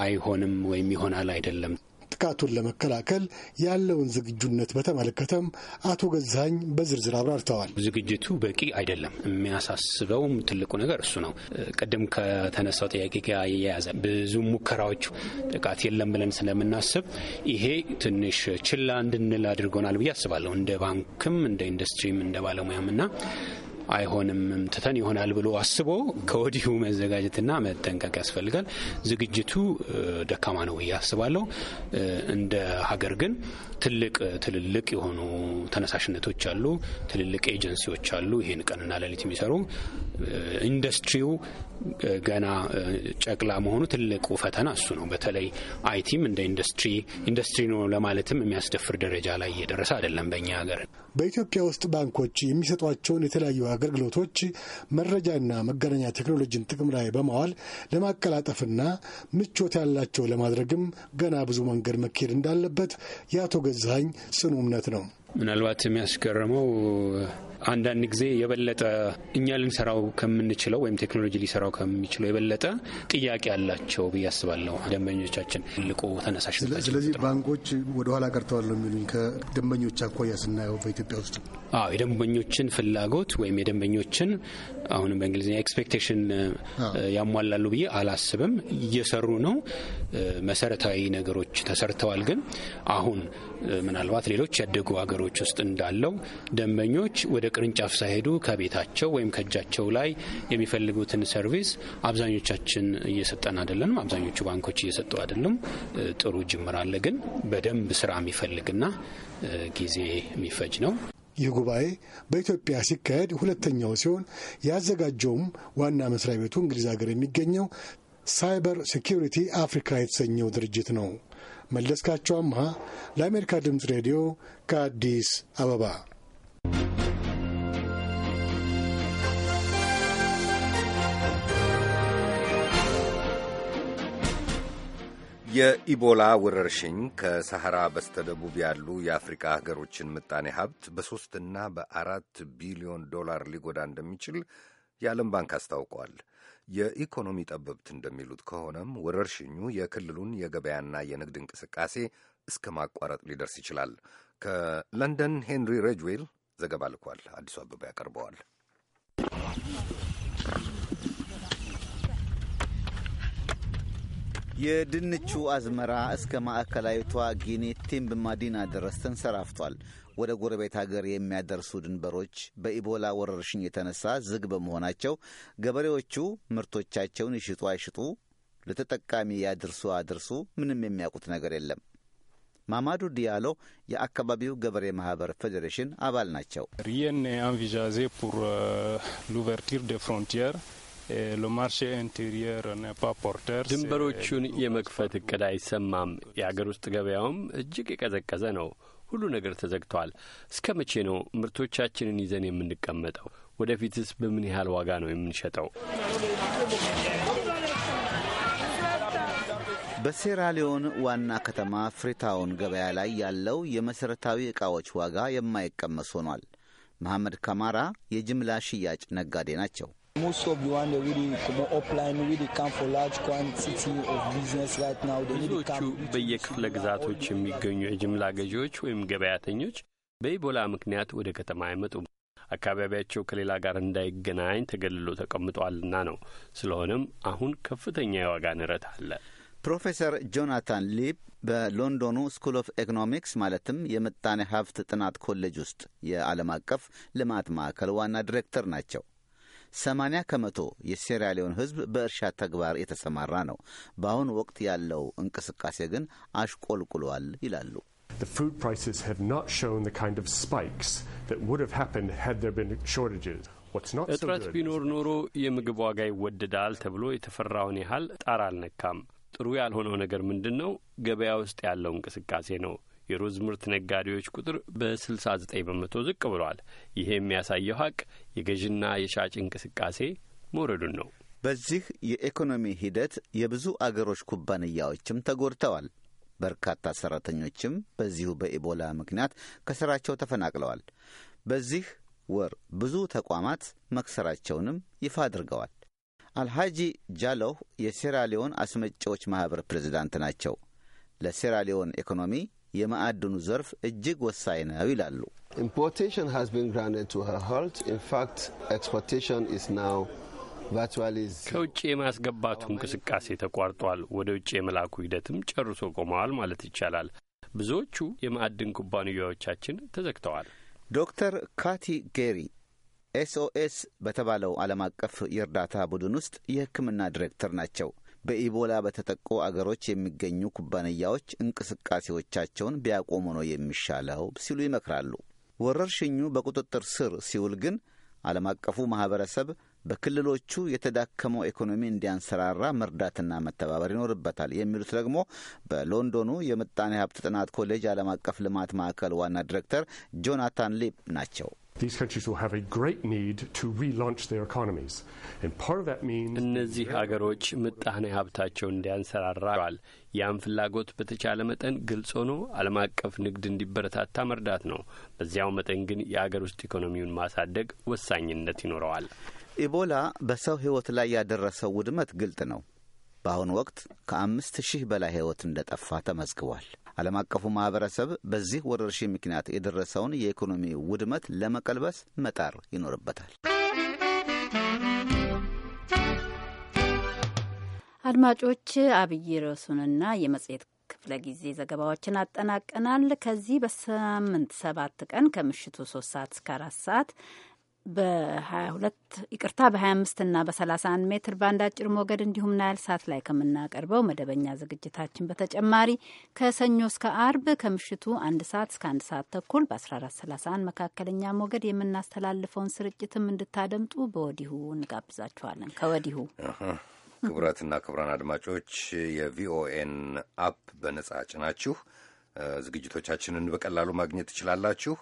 አይሆንም ወይም ይሆናል አይደለም። ጥቃቱን ለመከላከል ያለውን ዝግጁነት በተመለከተም አቶ ገዛኝ በዝርዝር አብራርተዋል። ዝግጅቱ በቂ አይደለም። የሚያሳስበውም ትልቁ ነገር እሱ ነው። ቅድም ከተነሳው ጥያቄ ጋር እየያዘ ብዙ ሙከራዎች ጥቃት የለም ብለን ስለምናስብ ይሄ ትንሽ ችላ እንድንል አድርጎናል ብዬ አስባለሁ። እንደ ባንክም እንደ ኢንዱስትሪም እንደ ባለሙያም ና አይሆንምም ትተን ይሆናል ብሎ አስቦ ከወዲሁ መዘጋጀትና መጠንቀቅ ያስፈልጋል። ዝግጅቱ ደካማ ነው ብዬ አስባለሁ። እንደ ሀገር ግን ትልቅ ትልልቅ የሆኑ ተነሳሽነቶች አሉ። ትልልቅ ኤጀንሲዎች አሉ፣ ይሄን ቀንና ሌሊት የሚሰሩ ኢንዱስትሪው ገና ጨቅላ መሆኑ ትልቁ ፈተና እሱ ነው። በተለይ አይቲም እንደ ኢንዱስትሪ ኢንዱስትሪ ነው ለማለትም የሚያስደፍር ደረጃ ላይ እየደረሰ አይደለም በእኛ ሀገር። በኢትዮጵያ ውስጥ ባንኮች የሚሰጧቸውን የተለያዩ አገልግሎቶች መረጃና መገናኛ ቴክኖሎጂን ጥቅም ላይ በማዋል ለማቀላጠፍና ምቾት ያላቸው ለማድረግም ገና ብዙ መንገድ መካሄድ እንዳለበት የአቶ ገዛኸኝ ጽኑ እምነት ነው። ምናልባት የሚያስገርመው አንዳንድ ጊዜ የበለጠ እኛ ልንሰራው ከምንችለው ወይም ቴክኖሎጂ ሊሰራው ከሚችለው የበለጠ ጥያቄ አላቸው ብዬ አስባለሁ። ደንበኞቻችን ልቆ ተነሳሽ። ስለዚህ ባንኮች ወደኋላ ቀርተዋል ነው የሚሉኝ ከደንበኞች አኳያ ስናየው በኢትዮጵያ ውስጥ አዎ የደንበኞችን ፍላጎት ወይም የደንበኞችን አሁንም በእንግሊዝኛ ኤክስፔክቴሽን ያሟላሉ ብዬ አላስብም። እየሰሩ ነው። መሰረታዊ ነገሮች ተሰርተዋል። ግን አሁን ምናልባት ሌሎች ያደጉ ሀገሮች ውስጥ እንዳለው ደንበኞች ወደ ቅርንጫፍ ሳይሄዱ ከቤታቸው ወይም ከእጃቸው ላይ የሚፈልጉትን ሰርቪስ አብዛኞቻችን እየሰጠን አይደለንም። አብዛኞቹ ባንኮች እየሰጡ አይደለም። ጥሩ ጅምር አለ። ግን በደንብ ስራ የሚፈልግና ጊዜ የሚፈጅ ነው። ይህ ጉባኤ በኢትዮጵያ ሲካሄድ ሁለተኛው ሲሆን ያዘጋጀውም ዋና መስሪያ ቤቱ እንግሊዝ ሀገር የሚገኘው ሳይበር ሴኪሪቲ አፍሪካ የተሰኘው ድርጅት ነው። መለስካቸው አምሃ ለአሜሪካ ድምፅ ሬዲዮ ከአዲስ አበባ የኢቦላ ወረርሽኝ ከሰሐራ በስተደቡብ ያሉ የአፍሪካ ሀገሮችን ምጣኔ ሀብት በሦስትና በአራት ቢሊዮን ዶላር ሊጎዳ እንደሚችል የዓለም ባንክ አስታውቋል። የኢኮኖሚ ጠበብት እንደሚሉት ከሆነም ወረርሽኙ የክልሉን የገበያና የንግድ እንቅስቃሴ እስከ ማቋረጥ ሊደርስ ይችላል። ከለንደን ሄንሪ ሬጅዌል ዘገባ ልኳል። አዲሱ አበባ ያቀርበዋል። የድንቹ አዝመራ እስከ ማዕከላዊቷ ጊኒ ማዲና ድረስ ተንሰራፍቷል። ወደ ጎረቤት ሀገር የሚያደርሱ ድንበሮች በኢቦላ ወረርሽኝ የተነሳ ዝግ በመሆናቸው ገበሬዎቹ ምርቶቻቸውን ይሽጡ አይሽጡ፣ ለተጠቃሚ ያድርሱ አድርሱ፣ ምንም የሚያውቁት ነገር የለም። ማማዱ ዲያሎ የአካባቢው ገበሬ ማህበር ፌዴሬሽን አባል ናቸው። ሪየን አንቪዣዜ ፑር ሉቨርቲር ደ ፍሮንቲየር Eh, ድንበሮቹን eh, የመክፈት እቅድ አይሰማም። የአገር ውስጥ ገበያውም እጅግ የቀዘቀዘ ነው። ሁሉ ነገር ተዘግቷል። እስከ መቼ ነው ምርቶቻችንን ይዘን የምንቀመጠው? ወደፊትስ በምን ያህል ዋጋ ነው የምንሸጠው? በሴራሊዮን ዋና ከተማ ፍሪታውን ገበያ ላይ ያለው የመሠረታዊ ዕቃዎች ዋጋ የማይቀመስ ሆኗል። መሐመድ ካማራ የጅምላ ሽያጭ ነጋዴ ናቸው። Most of the one they really come offline, really come for large quantity of business right now. ብዙዎቹ በየክፍለ ግዛቶች የሚገኙ የጅምላ ገዢዎች ወይም ገበያተኞች በኢቦላ ምክንያት ወደ ከተማ አይመጡም። አካባቢያቸው ከሌላ ጋር እንዳይገናኝ ተገልሎ ተቀምጧልና ነው። ስለሆነም አሁን ከፍተኛ የዋጋ ንረት አለ። ፕሮፌሰር ጆናታን ሊብ በሎንዶኑ ስኩል ኦፍ ኢኮኖሚክስ ማለትም የምጣኔ ሀብት ጥናት ኮሌጅ ውስጥ የዓለም አቀፍ ልማት ማዕከል ዋና ዲሬክተር ናቸው። ሰማንያ ከመቶ የሴራሊዮን ሕዝብ በእርሻ ተግባር የተሰማራ ነው። በአሁኑ ወቅት ያለው እንቅስቃሴ ግን አሽቆልቁሏል ይላሉ። እጥረት ቢኖር ኖሮ የምግብ ዋጋ ይወደዳል ተብሎ የተፈራውን ያህል ጣር አልነካም። ጥሩ ያልሆነው ነገር ምንድን ነው? ገበያ ውስጥ ያለው እንቅስቃሴ ነው። የሩዝ ምርት ነጋዴዎች ቁጥር በ69 በመቶ ዝቅ ብሏል። ይሄ የሚያሳየው ሀቅ የገዥና የሻጭ እንቅስቃሴ መውረዱን ነው። በዚህ የኢኮኖሚ ሂደት የብዙ አገሮች ኩባንያዎችም ተጎድተዋል። በርካታ ሰራተኞችም በዚሁ በኢቦላ ምክንያት ከስራቸው ተፈናቅለዋል። በዚህ ወር ብዙ ተቋማት መክሰራቸውንም ይፋ አድርገዋል። አልሃጂ ጃለሁ የሴራሊዮን አስመጪዎች ማኅበር ፕሬዝዳንት ናቸው። ለሴራሊዮን ኢኮኖሚ የማዕድኑ ዘርፍ እጅግ ወሳኝ ነው ይላሉ። ከውጭ የማስገባቱ እንቅስቃሴ ተቋርጧል። ወደ ውጭ የመላኩ ሂደትም ጨርሶ ቆመዋል ማለት ይቻላል። ብዙዎቹ የማዕድን ኩባንያዎቻችን ተዘግተዋል። ዶክተር ካቲ ጌሪ ኤስኦኤስ በተባለው ዓለም አቀፍ የእርዳታ ቡድን ውስጥ የሕክምና ዲሬክተር ናቸው። በኢቦላ በተጠቁ አገሮች የሚገኙ ኩባንያዎች እንቅስቃሴዎቻቸውን ቢያቆሙ ነው የሚሻለው ሲሉ ይመክራሉ። ወረርሽኙ በቁጥጥር ስር ሲውል ግን ዓለም አቀፉ ማኅበረሰብ በክልሎቹ የተዳከመው ኢኮኖሚ እንዲያንሰራራ መርዳትና መተባበር ይኖርበታል የሚሉት ደግሞ በሎንዶኑ የምጣኔ ሀብት ጥናት ኮሌጅ ዓለም አቀፍ ልማት ማዕከል ዋና ዲሬክተር ጆናታን ሊፕ ናቸው። እነዚህ አገሮች ምጣኔ ሀብታቸው እንዲያንሰራራል ያም ፍላጎት በተቻለ መጠን ግልጽ ሆኖ ዓለም አቀፍ ንግድ እንዲበረታታ መርዳት ነው። በዚያው መጠን ግን የአገር ውስጥ ኢኮኖሚውን ማሳደግ ወሳኝነት ይኖረዋል። ኢቦላ በሰው ሕይወት ላይ ያደረሰው ውድመት ግልጥ ነው። በአሁኑ ወቅት ከአምስት ሺህ በላይ ሕይወት እንደጠፋ ተመዝግቧል። ዓለም አቀፉ ማህበረሰብ በዚህ ወረርሽኝ ምክንያት የደረሰውን የኢኮኖሚ ውድመት ለመቀልበስ መጣር ይኖርበታል። አድማጮች አብይ ርዕሱንና የመጽሔት ክፍለ ጊዜ ዘገባዎችን አጠናቀናል። ከዚህ በሳምንት ሰባት ቀን ከምሽቱ ሶስት ሰዓት እስከ አራት ሰዓት በ22 ይቅርታ በ25 እና በ31 ሜትር ባንድ አጭር ሞገድ እንዲሁም ናይል ሳት ላይ ከምናቀርበው መደበኛ ዝግጅታችን በተጨማሪ ከሰኞ እስከ አርብ ከምሽቱ አንድ ሰዓት እስከ አንድ ሰዓት ተኩል በ1431 መካከለኛ ሞገድ የምናስተላልፈውን ስርጭትም እንድታደምጡ በወዲሁ እንጋብዛችኋለን። ከወዲሁ ክቡራትና ክቡራን አድማጮች የቪኦኤን አፕ በነጻ ጭናችሁ ዝግጅቶቻችንን በቀላሉ ማግኘት ትችላላችሁ።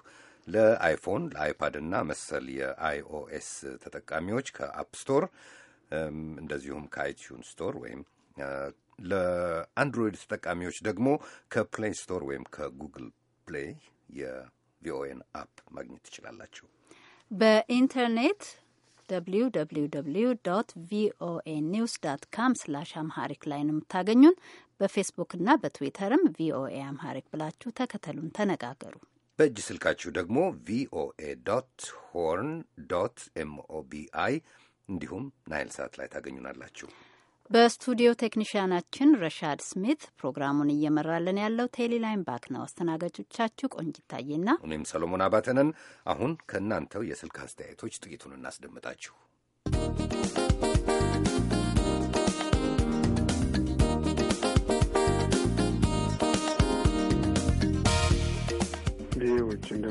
ለአይፎን ለአይፓድ እና መሰል የአይኦኤስ ተጠቃሚዎች ከአፕ ስቶር እንደዚሁም ከአይቲዩን ስቶር ወይም ለአንድሮይድ ተጠቃሚዎች ደግሞ ከፕሌይ ስቶር ወይም ከጉግል ፕሌይ የቪኦኤን አፕ ማግኘት ትችላላችሁ። በኢንተርኔት www ቪኦኤ ኒውስ ዳት ካም ስላሽ አምሃሪክ ላይ ነው የምታገኙን። በፌስቡክና በትዊተርም ቪኦኤ አምሃሪክ ብላችሁ ተከተሉን፣ ተነጋገሩ። በእጅ ስልካችሁ ደግሞ ቪኦኤ ዶት ሆርን ዶት ኤምኦቢአይ እንዲሁም ናይል ሳት ላይ ታገኙናላችሁ። በስቱዲዮ ቴክኒሽያናችን ረሻድ ስሚት፣ ፕሮግራሙን እየመራልን ያለው ቴሌላይን ባክ ነው። አስተናጋጆቻችሁ ቆንጅታዬና እኔም ሰሎሞን አባተነን። አሁን ከእናንተው የስልክ አስተያየቶች ጥቂቱን እናስደምጣችሁ።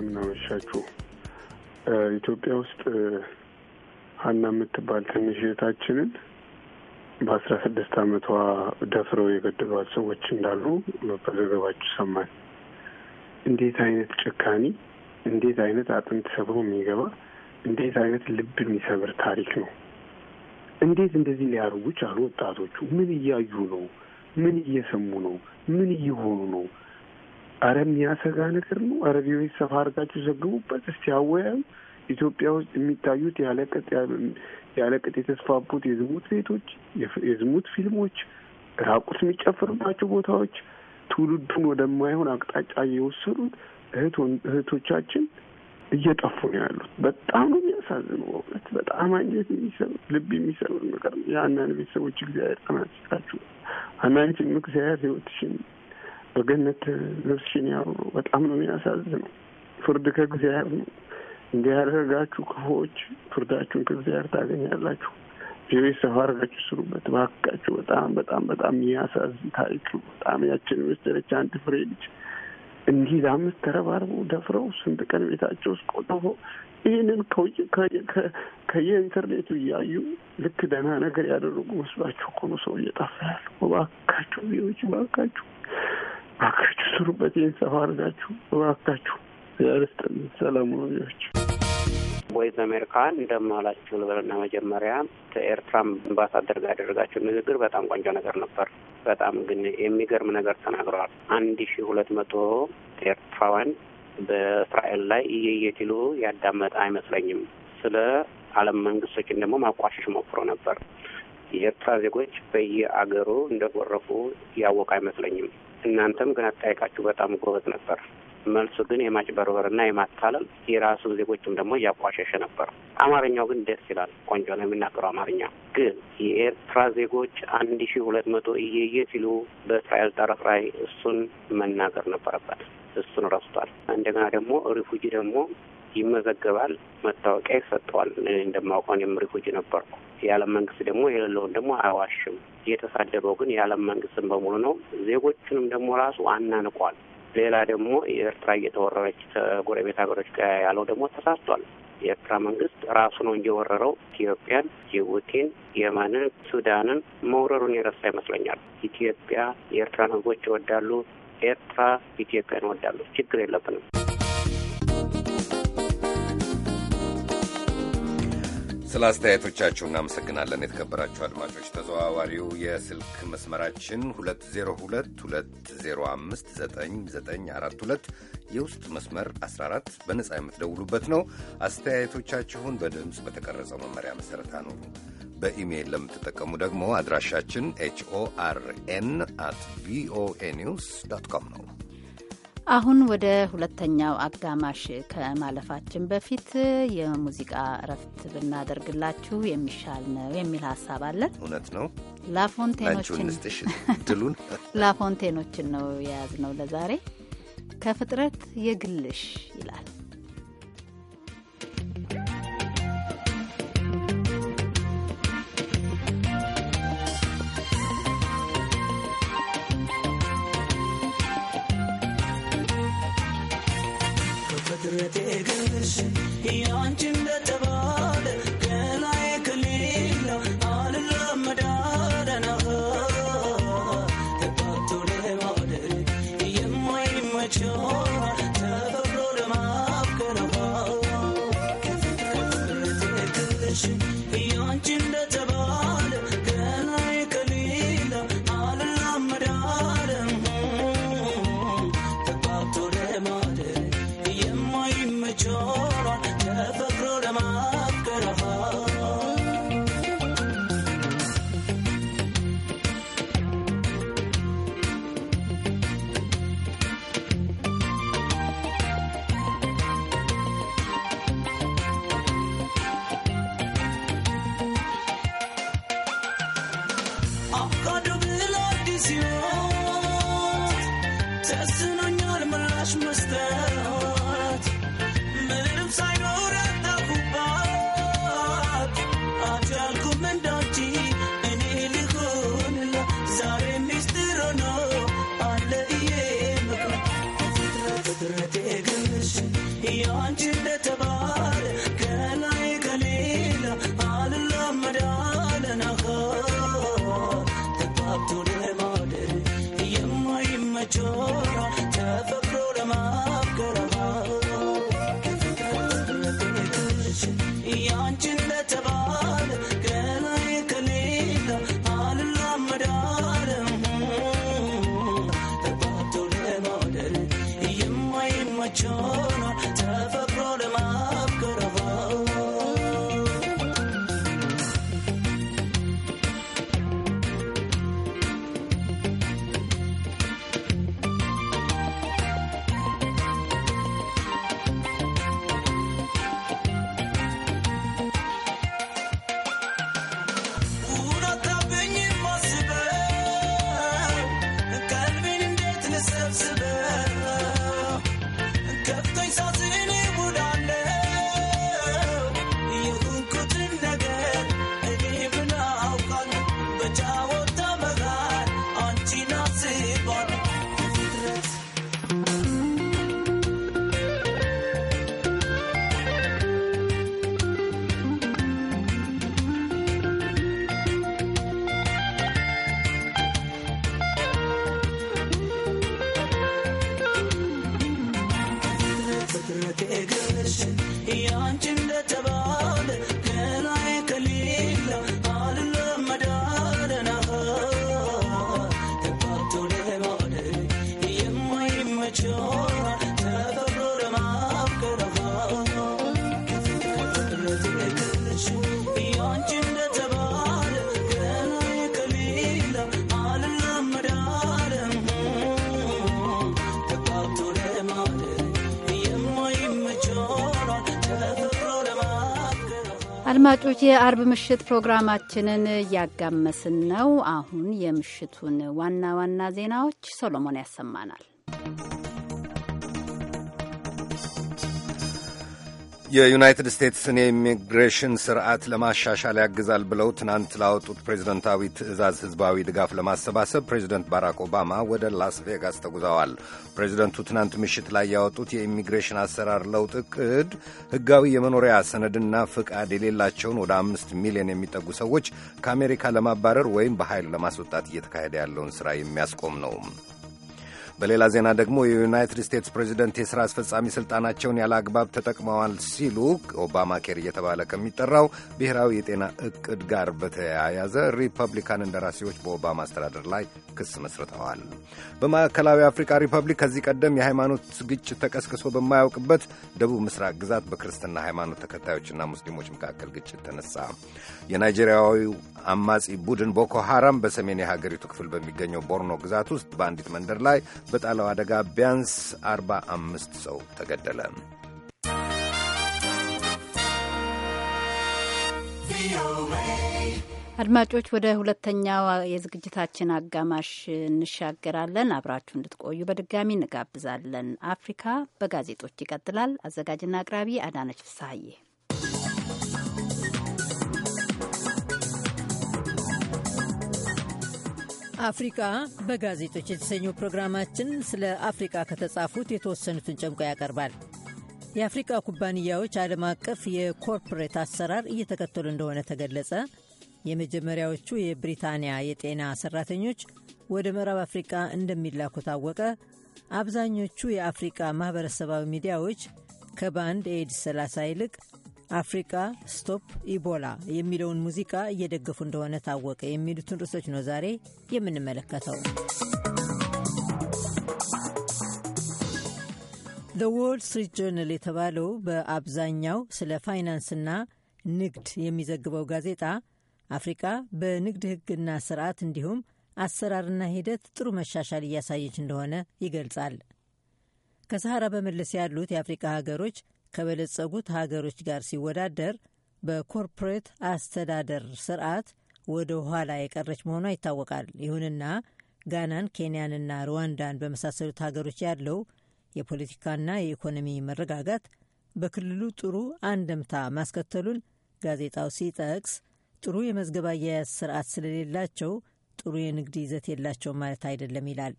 እንደምናመሻችሁ። ኢትዮጵያ ውስጥ ሀና የምትባል ትንሽ እህታችንን በአስራ ስድስት አመቷ ደፍረው የገደሏት ሰዎች እንዳሉ በዘገባችሁ ሰማን። እንዴት አይነት ጭካኔ! እንዴት አይነት አጥንት ሰብሮ የሚገባ እንዴት አይነት ልብ የሚሰብር ታሪክ ነው! እንዴት እንደዚህ ሊያርጉ አሉ ወጣቶቹ ምን እያዩ ነው? ምን እየሰሙ ነው? ምን እየሆኑ ነው? አረ የሚያሰጋ ነገር ነው። አረ ቪኦኤ ሰፋ አድርጋችሁ ዘግቡበት እስቲ አወያዩ። ኢትዮጵያ ውስጥ የሚታዩት ያለቅጥ የተስፋፉት የዝሙት ቤቶች፣ የዝሙት ፊልሞች፣ ራቁት የሚጨፍርባቸው ቦታዎች ትውልዱን ወደማይሆን አቅጣጫ እየወሰዱት እህቶቻችን እየጠፉ ነው ያሉት። በጣም ነው የሚያሳዝነው። በእውነት በጣም አንጀት የሚሰብር ልብ የሚሰብር ነገር። የአንዳንድ ቤተሰቦች እግዚአብሔር ጠናችታችሁ አናንችም እግዚአብሔር ህይወትሽን በገነት ነፍስሽን ያውሩ። በጣም ነው የሚያሳዝነው። ፍርድ ከእግዚአብሔር ነው። እንዲህ ያደረጋችሁ ክፉዎች ፍርዳችሁን ከእግዚአብሔር ታገኛላችሁ። ቪኦኤ ሰፋ አድርጋችሁ ስሩበት ባካችሁ። በጣም በጣም በጣም የሚያሳዝን ታሪክ ነው። በጣም ያችን የመሰለች አንድ ፍሬ ልጅ እንዲህ ለአምስት ተረባርቦ ደፍረው ስንት ቀን ቤታቸው ውስጥ ቆጥፈው ይህንን ከውጭ ከየኢንተርኔቱ እያዩ ልክ ደህና ነገር ያደረጉ መስሏቸው ከሆኑ ሰው እየጠፋ ያለ እባካችሁ ቪኦኤዎች እባካችሁ እባካችሁ ስሩበት፣ ይህን ሰፋ አድርጋችሁ እባካችሁ። ያርስጠን ሰላሙ ነቢያችሁ ቮይስ አሜሪካን እንደማላችሁ ልበልና መጀመሪያ ከኤርትራ አምባሳደር ጋር ያደረጋችሁ ንግግር በጣም ቆንጆ ነገር ነበር። በጣም ግን የሚገርም ነገር ተናግረዋል። አንድ ሺ ሁለት መቶ ኤርትራውያን በእስራኤል ላይ እየየትሉ ያዳመጠ አይመስለኝም። ስለ ዓለም መንግስቶችን ደግሞ ማቋሸሽ ሞክሮ ነበር። የኤርትራ ዜጎች በየአገሩ እንደጎረፉ ያወቅ አይመስለኝም። እናንተም ግን አጠያየቃችሁ በጣም ጎበዝ ነበር። መልሱ ግን የማጭበርበርና የማታለል የራሱ ዜጎችም ደግሞ እያቋሸሸ ነበር። አማርኛው ግን ደስ ይላል፣ ቆንጆ ነው የሚናገሩ አማርኛ። ግን የኤርትራ ዜጎች አንድ ሺ ሁለት መቶ እየየ ሲሉ በእስራኤል ጠረፍ ላይ እሱን መናገር ነበረበት። እሱን ረስቷል። እንደገና ደግሞ ሪፉጂ ደግሞ ይመዘገባል፣ መታወቂያ ይሰጠዋል። እኔ እንደማውቀን እኔም ነበርኩ። የዓለም መንግስት ደግሞ የሌለውን ደግሞ አይዋሽም። የተሳደበው ግን የዓለም መንግስትን በሙሉ ነው። ዜጎቹንም ደግሞ ራሱ አናንቋል። ሌላ ደግሞ የኤርትራ እየተወረረች ከጎረቤት ሀገሮች ጋር ያለው ደግሞ ተሳስቷል። የኤርትራ መንግስት ራሱ ነው እንጂ የወረረው ኢትዮጵያን፣ ጅቡቲን፣ የመንን፣ ሱዳንን መውረሩን የረሳ ይመስለኛል። ኢትዮጵያ የኤርትራን ህዝቦች ይወዳሉ። ኤርትራ ኢትዮጵያን ይወዳሉ። ችግር የለብንም። ስለ አስተያየቶቻችሁ እናመሰግናለን። የተከበራችሁ አድማጮች ተዘዋዋሪው የስልክ መስመራችን 2022059942 የውስጥ መስመር 14 በነጻ የምትደውሉበት ነው። አስተያየቶቻችሁን በድምፅ በተቀረጸው መመሪያ መሠረት አኑሩ። በኢሜይል ለምትጠቀሙ ደግሞ አድራሻችን ኤችኦአርኤን አት ቪኦኤ ኒውስ ዶት ኮም ነው። አሁን ወደ ሁለተኛው አጋማሽ ከማለፋችን በፊት የሙዚቃ እረፍት ብናደርግላችሁ የሚሻል ነው የሚል ሀሳብ አለን። እውነት ነው። ላፎንቴኖችን ላፎንቴኖችን ነው የያዝነው ለዛሬ። ከፍጥረት የግልሽ ይላል አድማጮች የአርብ ምሽት ፕሮግራማችንን እያጋመስን ነው። አሁን የምሽቱን ዋና ዋና ዜናዎች ሰሎሞን ያሰማናል። የዩናይትድ ስቴትስን የኢሚግሬሽን ስርዓት ለማሻሻል ያግዛል ብለው ትናንት ላወጡት ፕሬዝደንታዊ ትዕዛዝ ህዝባዊ ድጋፍ ለማሰባሰብ ፕሬዝደንት ባራክ ኦባማ ወደ ላስ ቬጋስ ተጉዘዋል። ፕሬዝደንቱ ትናንት ምሽት ላይ ያወጡት የኢሚግሬሽን አሰራር ለውጥ እቅድ ህጋዊ የመኖሪያ ሰነድና ፍቃድ የሌላቸውን ወደ አምስት ሚሊዮን የሚጠጉ ሰዎች ከአሜሪካ ለማባረር ወይም በኃይል ለማስወጣት እየተካሄደ ያለውን ስራ የሚያስቆም ነው። በሌላ ዜና ደግሞ የዩናይትድ ስቴትስ ፕሬዚደንት የሥራ አስፈጻሚ ሥልጣናቸውን ያለ አግባብ ተጠቅመዋል ሲሉ ኦባማ ኬር እየተባለ ከሚጠራው ብሔራዊ የጤና ዕቅድ ጋር በተያያዘ ሪፐብሊካን እንደራሴዎች በኦባማ አስተዳደር ላይ ክስ መስርተዋል። በማዕከላዊ አፍሪካ ሪፐብሊክ ከዚህ ቀደም የሃይማኖት ግጭት ተቀስቅሶ በማያውቅበት ደቡብ ምስራቅ ግዛት በክርስትና ሃይማኖት ተከታዮችና ሙስሊሞች መካከል ግጭት ተነሳ። የናይጄሪያዊው አማጺ ቡድን ቦኮ ሃራም በሰሜን የሀገሪቱ ክፍል በሚገኘው ቦርኖ ግዛት ውስጥ በአንዲት መንደር ላይ በጣለው አደጋ ቢያንስ 45 ሰው ተገደለ። አድማጮች ወደ ሁለተኛው የዝግጅታችን አጋማሽ እንሻገራለን። አብራችሁ እንድትቆዩ በድጋሚ እንጋብዛለን። አፍሪካ በጋዜጦች ይቀጥላል። አዘጋጅና አቅራቢ አዳነች ፍሳሐዬ አፍሪካ በጋዜጦች የተሰኘው ፕሮግራማችን ስለ አፍሪካ ከተጻፉት የተወሰኑትን ጨምቆ ያቀርባል። የአፍሪካ ኩባንያዎች ዓለም አቀፍ የኮርፖሬት አሰራር እየተከተሉ እንደሆነ ተገለጸ፣ የመጀመሪያዎቹ የብሪታንያ የጤና ሰራተኞች ወደ ምዕራብ አፍሪካ እንደሚላኩ ታወቀ፣ አብዛኞቹ የአፍሪካ ማኅበረሰባዊ ሚዲያዎች ከባንድ ኤድስ 30 ይልቅ አፍሪካ ስቶፕ ኢቦላ የሚለውን ሙዚቃ እየደገፉ እንደሆነ ታወቀ የሚሉትን ርዕሶች ነው ዛሬ የምንመለከተው። ዘ ዎል ስትሪት ጆርናል የተባለው በአብዛኛው ስለ ፋይናንስና ንግድ የሚዘግበው ጋዜጣ አፍሪካ በንግድ ሕግና ስርዓት እንዲሁም አሰራርና ሂደት ጥሩ መሻሻል እያሳየች እንደሆነ ይገልጻል። ከሰሐራ በመለስ ያሉት የአፍሪካ ሀገሮች ከበለጸጉት ሀገሮች ጋር ሲወዳደር በኮርፖሬት አስተዳደር ስርዓት ወደ ኋላ የቀረች መሆኗ ይታወቃል። ይሁንና ጋናን፣ ኬንያንና ሩዋንዳን በመሳሰሉት ሀገሮች ያለው የፖለቲካና የኢኮኖሚ መረጋጋት በክልሉ ጥሩ አንድምታ ማስከተሉን ጋዜጣው ሲጠቅስ ጥሩ የመዝገብ አያያዝ ስርዓት ስለሌላቸው ጥሩ የንግድ ይዘት የላቸው ማለት አይደለም ይላል።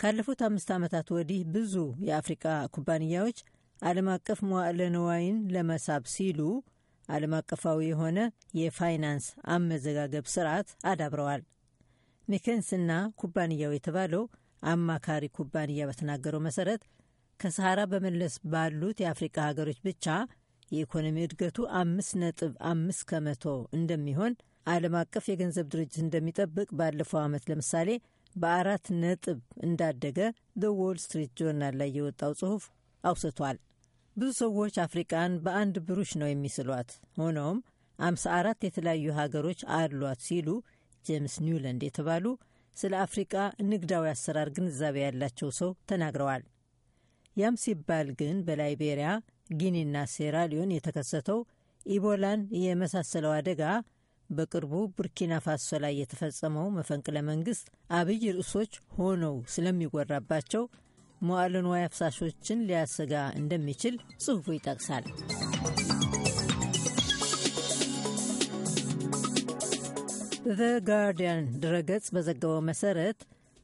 ካለፉት አምስት ዓመታት ወዲህ ብዙ የአፍሪቃ ኩባንያዎች ዓለም አቀፍ መዋዕለ ንዋይን ለመሳብ ሲሉ ዓለም አቀፋዊ የሆነ የፋይናንስ አመዘጋገብ ስርዓት አዳብረዋል። ሜኬንስና ኩባንያው የተባለው አማካሪ ኩባንያ በተናገረው መሰረት ከሰሃራ በመለስ ባሉት የአፍሪቃ ሀገሮች ብቻ የኢኮኖሚ እድገቱ አምስት ነጥብ አምስት ከመቶ እንደሚሆን ዓለም አቀፍ የገንዘብ ድርጅት እንደሚጠብቅ ባለፈው ዓመት ለምሳሌ በአራት ነጥብ እንዳደገ ዘ ዎል ስትሪት ጆርናል ላይ የወጣው ጽሑፍ አውስቷል። ብዙ ሰዎች አፍሪቃን በአንድ ብሩሽ ነው የሚስሏት። ሆኖም አራት የተለያዩ ሀገሮች አሏት ሲሉ ጄምስ ኒውላንድ የተባሉ ስለ አፍሪቃ ንግዳዊ አሰራር ግንዛቤ ያላቸው ሰው ተናግረዋል። ያም ሲባል ግን በላይቤሪያ ጊኒና ሴራሊዮን የተከሰተው ኢቦላን የመሳሰለው አደጋ፣ በቅርቡ ቡርኪና ፋሶ ላይ የተፈጸመው መፈንቅለ መንግስት አብይ ርዕሶች ሆነው ስለሚወራባቸው መዋዕለ ንዋይ አፍሳሾችን ሊያሰጋ እንደሚችል ጽሑፉ ይጠቅሳል። ጋርዲያን ድረገጽ በዘገበው መሰረት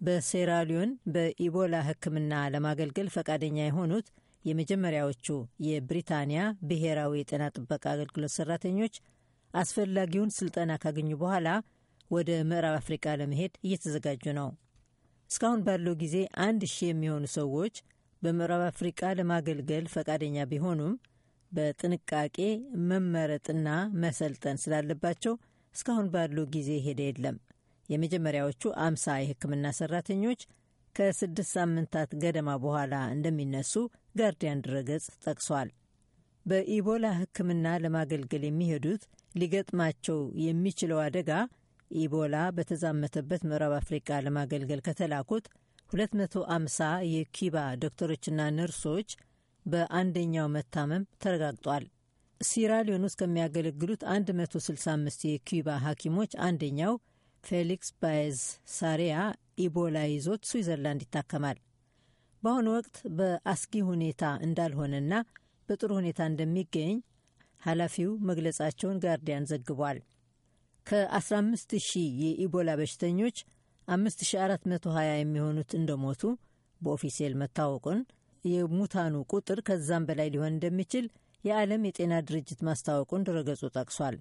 በሴራሊዮን በኢቦላ ሕክምና ለማገልገል ፈቃደኛ የሆኑት የመጀመሪያዎቹ የብሪታንያ ብሔራዊ የጤና ጥበቃ አገልግሎት ሰራተኞች አስፈላጊውን ስልጠና ካገኙ በኋላ ወደ ምዕራብ አፍሪቃ ለመሄድ እየተዘጋጁ ነው። እስካሁን ባለው ጊዜ አንድ ሺህ የሚሆኑ ሰዎች በምዕራብ አፍሪቃ ለማገልገል ፈቃደኛ ቢሆኑም በጥንቃቄ መመረጥና መሰልጠን ስላለባቸው እስካሁን ባለው ጊዜ ሄደ የለም። የመጀመሪያዎቹ አምሳ የሕክምና ሰራተኞች ከስድስት ሳምንታት ገደማ በኋላ እንደሚነሱ ጋርዲያን ድረገጽ ጠቅሷል። በኢቦላ ሕክምና ለማገልገል የሚሄዱት ሊገጥማቸው የሚችለው አደጋ ኢቦላ በተዛመተበት ምዕራብ አፍሪቃ ለማገልገል ከተላኩት 250 የኪባ ዶክተሮችና ነርሶች በአንደኛው መታመም ተረጋግጧል። ሲራሊዮን ውስጥ ከሚያገለግሉት 165 የኪባ ሐኪሞች አንደኛው ፌሊክስ ባየዝ ሳሪያ ኢቦላ ይዞት ስዊዘርላንድ ይታከማል። በአሁኑ ወቅት በአስጊ ሁኔታ እንዳልሆነና በጥሩ ሁኔታ እንደሚገኝ ኃላፊው መግለጻቸውን ጋርዲያን ዘግቧል። ከ15000 የኢቦላ በሽተኞች 5420 የሚሆኑት እንደሞቱ በኦፊሴል መታወቁን የሙታኑ ቁጥር ከዛም በላይ ሊሆን እንደሚችል የዓለም የጤና ድርጅት ማስታወቁን ድረገጹ ጠቅሷል።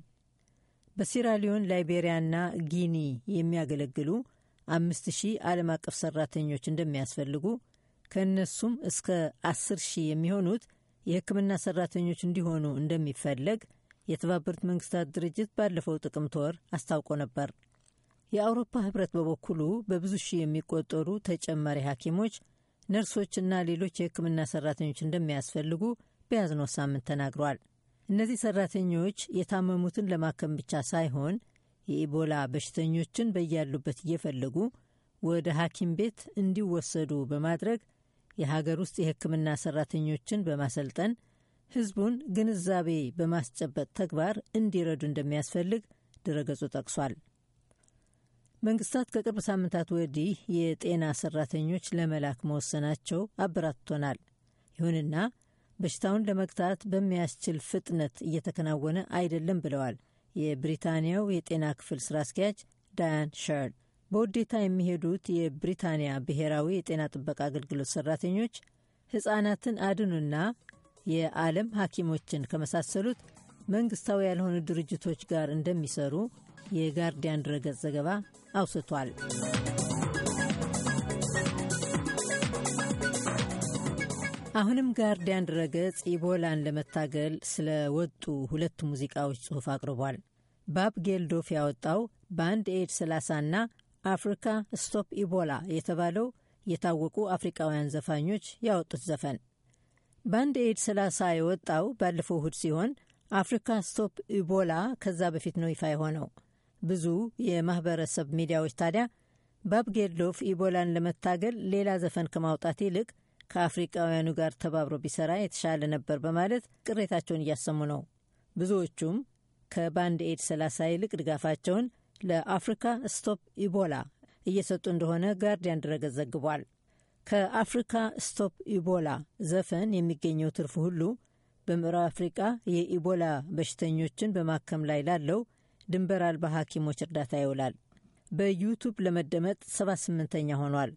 በሲራሊዮን ላይቤሪያና ጊኒ የሚያገለግሉ ሺህ ዓለም አቀፍ ሰራተኞች እንደሚያስፈልጉ ከእነሱም እስከ አስር ሺህ የሚሆኑት የሕክምና ሰራተኞች እንዲሆኑ እንደሚፈለግ የተባበሩት መንግስታት ድርጅት ባለፈው ጥቅምት ወር አስታውቆ ነበር። የአውሮፓ ህብረት በበኩሉ በብዙ ሺህ የሚቆጠሩ ተጨማሪ ሐኪሞች፣ ነርሶችና ሌሎች የህክምና ሰራተኞች እንደሚያስፈልጉ በያዝነው ሳምንት ተናግሯል። እነዚህ ሰራተኞች የታመሙትን ለማከም ብቻ ሳይሆን የኢቦላ በሽተኞችን በያሉበት እየፈለጉ ወደ ሐኪም ቤት እንዲወሰዱ በማድረግ የሀገር ውስጥ የህክምና ሰራተኞችን በማሰልጠን ህዝቡን ግንዛቤ በማስጨበጥ ተግባር እንዲረዱ እንደሚያስፈልግ ድረገጹ ጠቅሷል። መንግስታት ከቅርብ ሳምንታት ወዲህ የጤና ሰራተኞች ለመላክ መወሰናቸው አበራትቶናል። ይሁንና በሽታውን ለመግታት በሚያስችል ፍጥነት እየተከናወነ አይደለም ብለዋል የብሪታንያው የጤና ክፍል ስራ አስኪያጅ ዳያን ሸርድ። በውዴታ የሚሄዱት የብሪታንያ ብሔራዊ የጤና ጥበቃ አገልግሎት ሰራተኞች ሕፃናትን አድኑና የዓለም ሐኪሞችን ከመሳሰሉት መንግሥታዊ ያልሆኑ ድርጅቶች ጋር እንደሚሰሩ የጋርዲያን ድረገጽ ዘገባ አውስቷል። አሁንም ጋርዲያን ድረገጽ ኢቦላን ለመታገል ስለ ወጡ ሁለት ሙዚቃዎች ጽሑፍ አቅርቧል። ባብ ጌልዶፍ ያወጣው ባንድ ኤድ 30 እና አፍሪካ ስቶፕ ኢቦላ የተባለው የታወቁ አፍሪቃውያን ዘፋኞች ያወጡት ዘፈን በአንድ ኤድ 30 የወጣው ባለፈው እሁድ ሲሆን አፍሪካ ስቶፕ ኢቦላ ከዛ በፊት ነው ይፋ የሆነው። ብዙ የማህበረሰብ ሚዲያዎች ታዲያ ባብ ጌድሎፍ ኢቦላን ለመታገል ሌላ ዘፈን ከማውጣት ይልቅ ከአፍሪቃውያኑ ጋር ተባብሮ ቢሰራ የተሻለ ነበር በማለት ቅሬታቸውን እያሰሙ ነው። ብዙዎቹም ከባንድ ኤድ 30 ይልቅ ድጋፋቸውን ለአፍሪካ ስቶፕ ኢቦላ እየሰጡ እንደሆነ ጋርዲያን ድረገጽ ዘግቧል። ከአፍሪካ ስቶፕ ኢቦላ ዘፈን የሚገኘው ትርፍ ሁሉ በምዕራብ አፍሪቃ የኢቦላ በሽተኞችን በማከም ላይ ላለው ድንበር አልባ ሐኪሞች እርዳታ ይውላል። በዩቱብ ለመደመጥ ሰባ ስምንተኛ ሆኗል።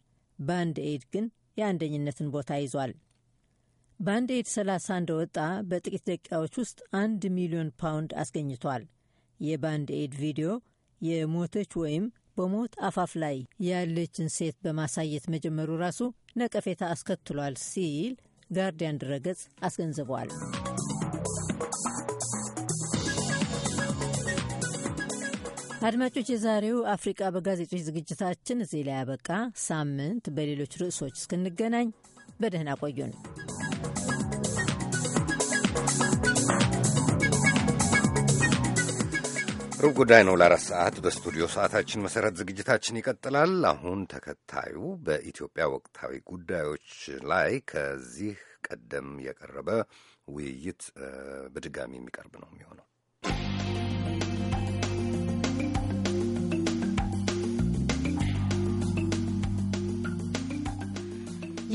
ባንድ ኤድ ግን የአንደኝነትን ቦታ ይዟል። ባንድ ኤድ 30 እንደወጣ በጥቂት ደቂቃዎች ውስጥ አንድ ሚሊዮን ፓውንድ አስገኝቷል። የባንድ ኤድ ቪዲዮ የሞተች ወይም በሞት አፋፍ ላይ ያለችን ሴት በማሳየት መጀመሩ ራሱ ነቀፌታ አስከትሏል ሲል ጋርዲያን ድረገጽ አስገንዝቧል። አድማጮች፣ የዛሬው አፍሪቃ በጋዜጦች ዝግጅታችን እዚህ ላይ ያበቃ። ሳምንት በሌሎች ርዕሶች እስክንገናኝ በደህና ቆዩን። ሩብ ጉዳይ ነው ለአራት ሰዓት በስቱዲዮ ሰዓታችን መሰረት ዝግጅታችን ይቀጥላል። አሁን ተከታዩ በኢትዮጵያ ወቅታዊ ጉዳዮች ላይ ከዚህ ቀደም የቀረበ ውይይት በድጋሚ የሚቀርብ ነው የሚሆነው።